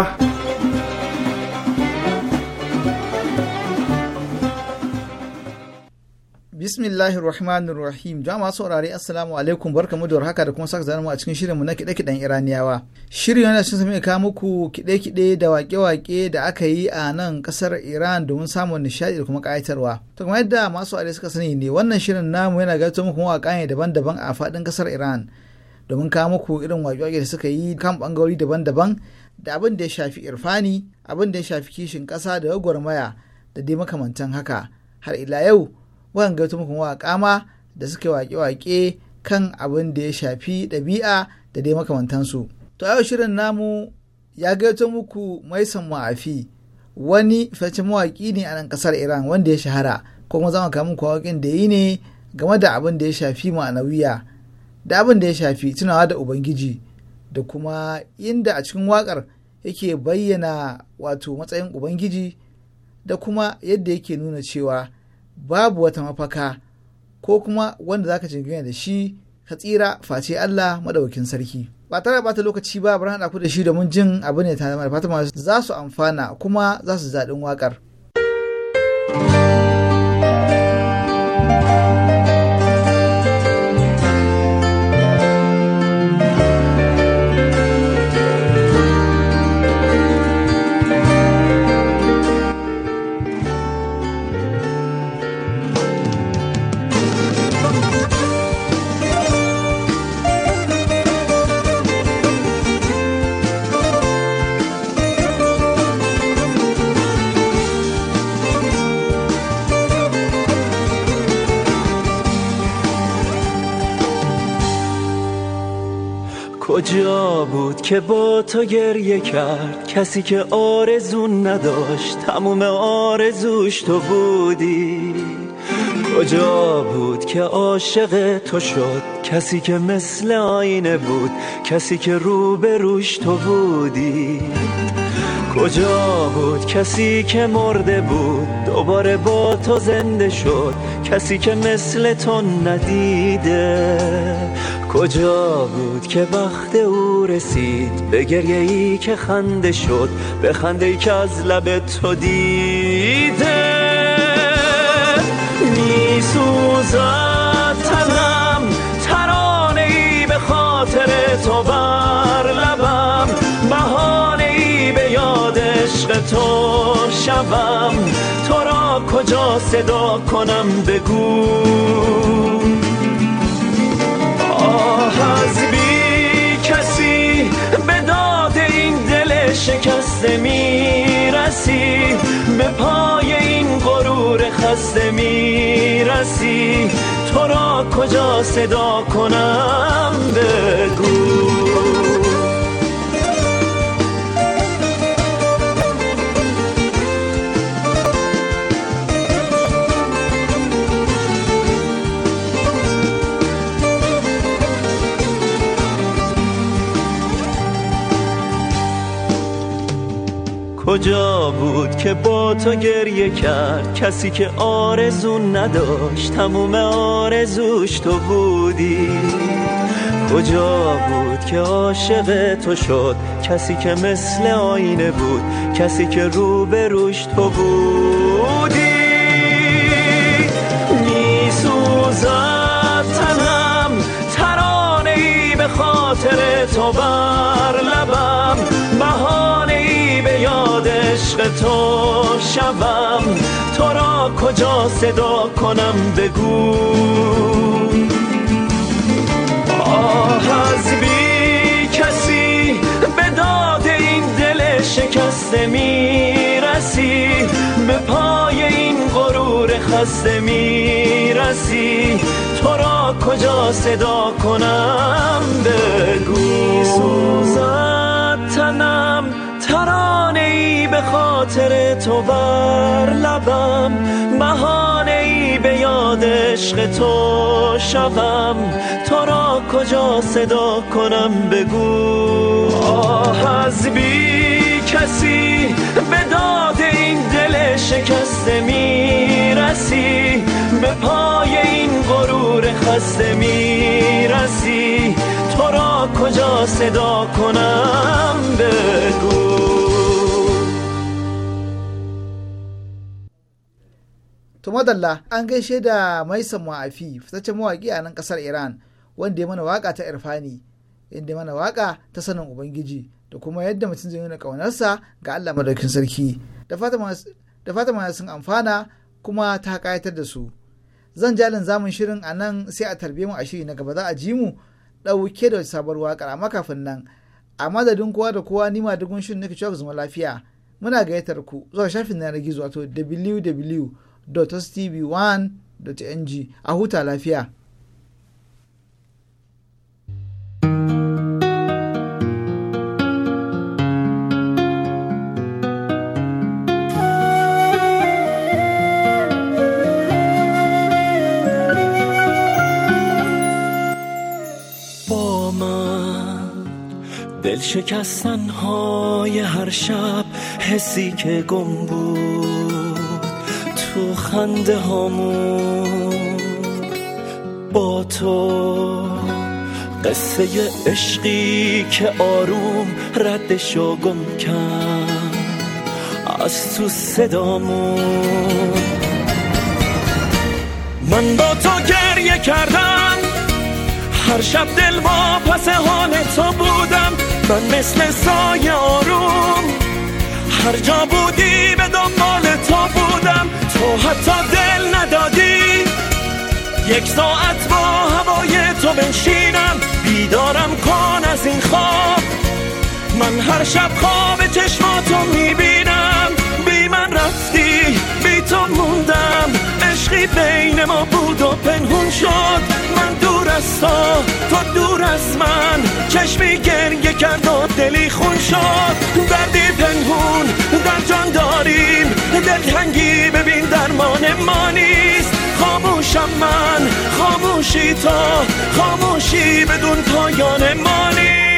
bismillahir rahmanir rahim jama saurare assalamu alaikum barka mu da warhaka da kuma saka zanen a cikin shirinmu na kiɗe-kiɗen iraniyawa shirin yana cikin sami kawo muku kiɗe-kiɗe da wake-wake da aka yi a nan kasar iran domin samun nishaɗi da kuma ƙayatarwa to kamar yadda masu aure suka sani ne wannan shirin namu yana gaito muku waka ne daban-daban a faɗin kasar iran domin kawo muku irin waƙe-waƙe da suka yi kan ɓangarori daban-daban da abin da ya shafi irfani abin da ya shafi kishin ƙasa da gwagwarmaya da dai makamantan haka har ila yau wakan gaito muku waƙa ma da suka yi waƙe-waƙe kan abin da ya shafi ɗabi'a da dai makamantan su. to yau shirin namu ya gaito muku mai maisan ma'afi wani fashin mawaƙi ne a nan ƙasar iran wanda ya shahara kuma zama kamun kwawakin da yi ne game da abin da ya shafi ma'anawiya da abin da ya shafi tunawa da ubangiji da kuma inda a cikin waƙar yake bayyana wato matsayin ubangiji da kuma yadda yake nuna cewa babu wata mafaka ko kuma wanda zaka jingina da shi ka tsira face Allah maɗaukin sarki ba tare da bata lokaci ba bari haɗa ku da shi domin jin abin da ta zama da fatima za su amfana kuma za su zaɗin waƙar. که با تو گریه کرد کسی که آرزون نداشت تموم آرزوش تو بودی کجا بود که عاشق تو شد کسی که مثل آینه بود کسی که روش تو بودی کجا بود کسی که مرده بود دوباره با تو زنده شد کسی که مثل تو ندیده کجا بود که وقت او رسید به گریه ای که خنده شد به خنده ای که از لب تو دیده صدا کنم بگو آه از بی کسی به داد این دل شکسته میرسی به پای این غرور خسته میرسی تو را کجا صدا کنم بگو کجا بود که با تو گریه کرد کسی که آرزو نداشت تموم آرزوش تو بودی کجا بود که عاشق تو شد کسی که مثل آینه بود کسی که رو به روش تو بودی میسوزد تنم ترانه به خاطر تو بند تو شوم تو را کجا صدا کنم بگو آه از بی کسی به داد این دل شکسته میرسی به پای این غرور خسته میرسی تو را کجا صدا کنم بگو سوزد تنم ترانه ای به خاطر تو بر لبم بهانه ای به یاد عشق تو شوم تو را کجا صدا کنم بگو آه از بی کسی به داد این دل شکسته میرسی به پای این غرور خسته میرسی را کجا صدا کنم بگو To madalla an gaishe da Maisa Mu'afi fitaccen mawaƙi a nan ƙasar Iran wanda ya mana waƙa ta Irfani inda mana waƙa ta sanin Ubangiji da kuma yadda mutum zai nuna ƙaunarsa ga Allah madaukin sarki da fata mana sun amfana kuma ta ƙayatar da su. Zan jalin zamun shirin a nan sai a tarbe mu a shiri na gaba za a ji mu ɗauke da sabar waƙar amma kafin nan a madadin kowa da kowa ni ma dugun shirin nake cewa zama lafiya muna gayyatar ku zuwa shafin na gizo wato www.tv1.ng a huta lafiya. شکستن های هر شب حسی که گم بود تو خنده هامون با تو قصه عشقی که آروم ردشو گم کرد از تو صدامون من با تو گریه کردم هر شب دل با پس حال تو بودم من مثل سای آروم هر جا بودی به دنبال تو بودم تو حتی دل ندادی یک ساعت با هوای تو بنشینم بیدارم کن از این خواب من هر شب خواب چشماتو میبینم بی من رفتی بی تو موندم عشقی بین ما بود و پنهون شد من دور از تو تو دور از من چشمی گریه کرد و دلی خون شد دردی پنهون در جان داریم دلتنگی ببین درمان ما نیست خاموشم من خاموشی تو خاموشی بدون پایان ما نیست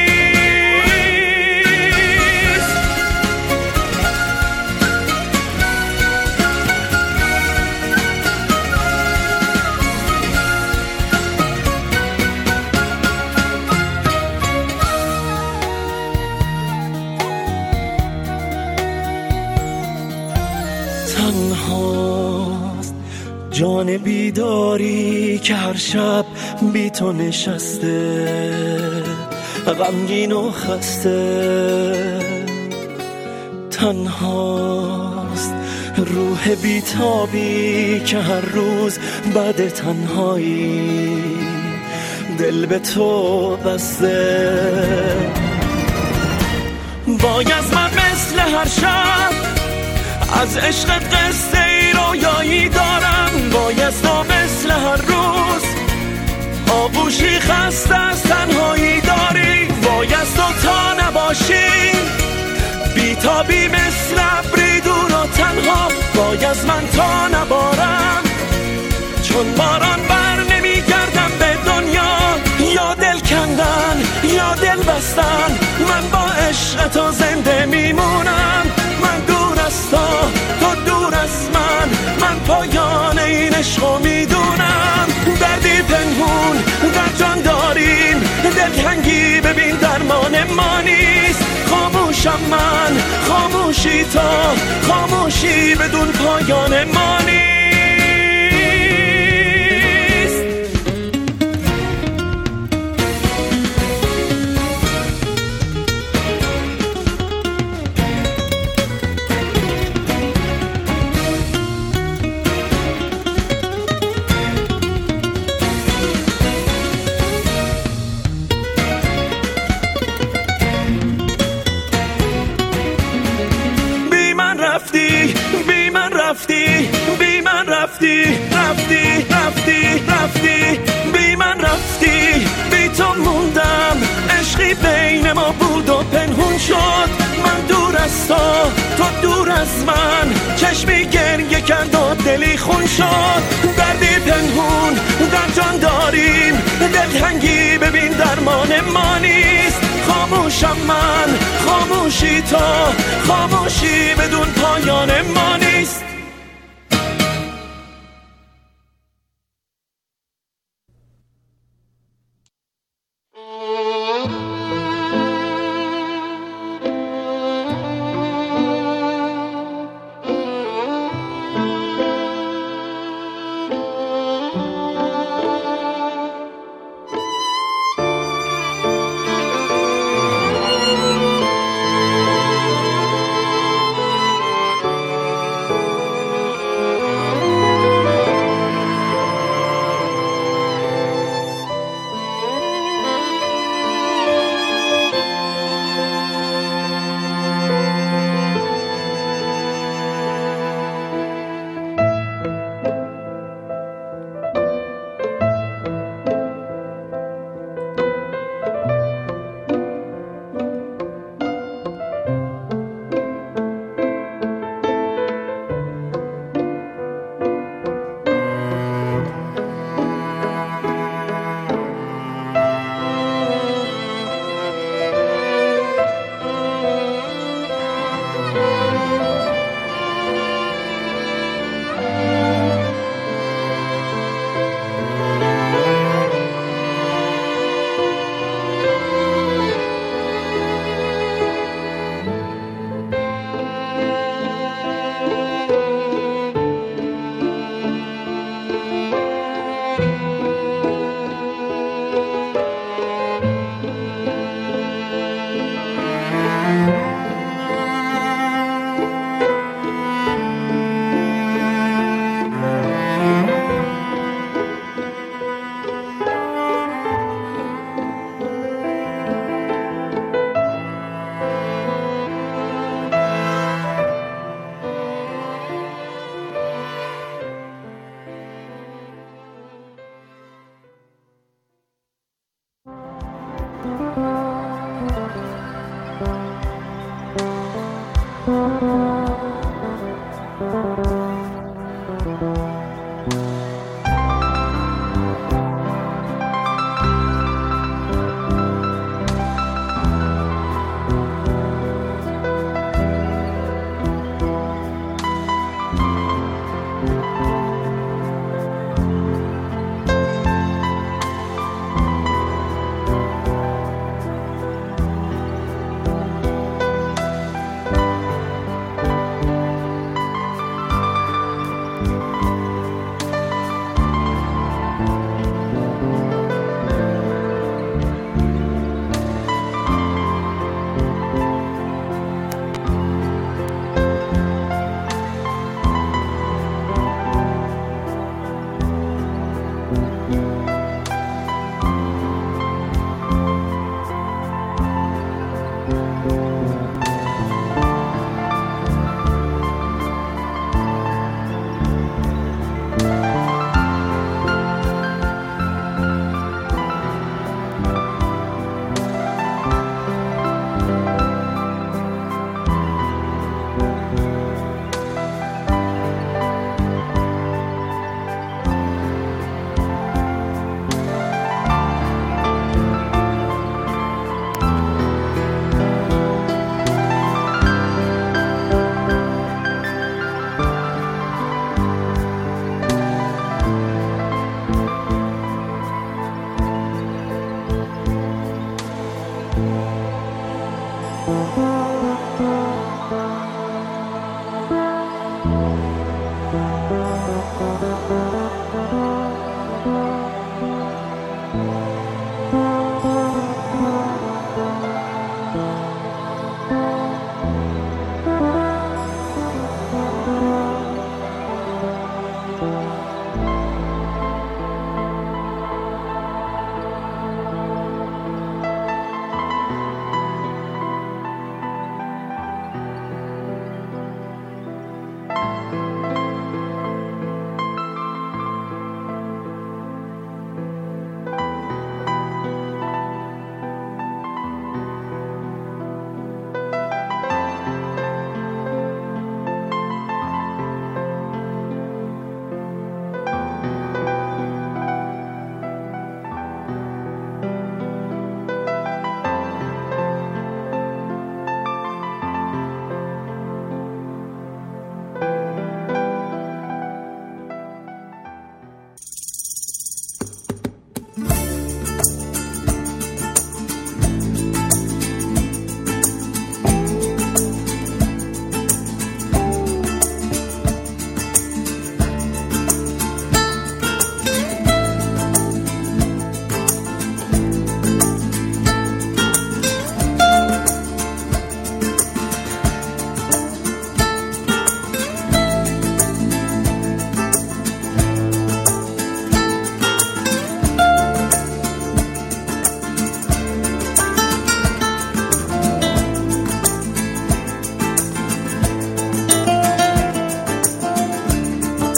که هر شب بی تو نشسته غمگین و خسته تنهاست روح بیتابی که هر روز بعد تنهایی دل به تو بسته وای از من مثل هر شب از عشق قصه رویایی دارم با یزدا مثل هر روز آبوشی خسته از تنهایی داری با تو تا نباشی بیتابی مثل ابری دور و تنها باید من تا نبارم چون باران بر نمیگردم به دنیا یا دل کندن یا دل بستن من با عشق تو زنده میمونم من دور از تو دور از من من پایان این عشق میدونم دردی پنهون در جان داریم دلتنگی ببین درمان ما نیست خاموشم من خاموشی تا خاموشی بدون پایان ما نیست شد من دور از تو تو دور از من چشمی گریه کرد و دلی خون شد دردی پنهون در جان داریم دلتنگی ببین درمان ما نیست خاموشم من خاموشی تو خاموشی بدون پایان ما نیست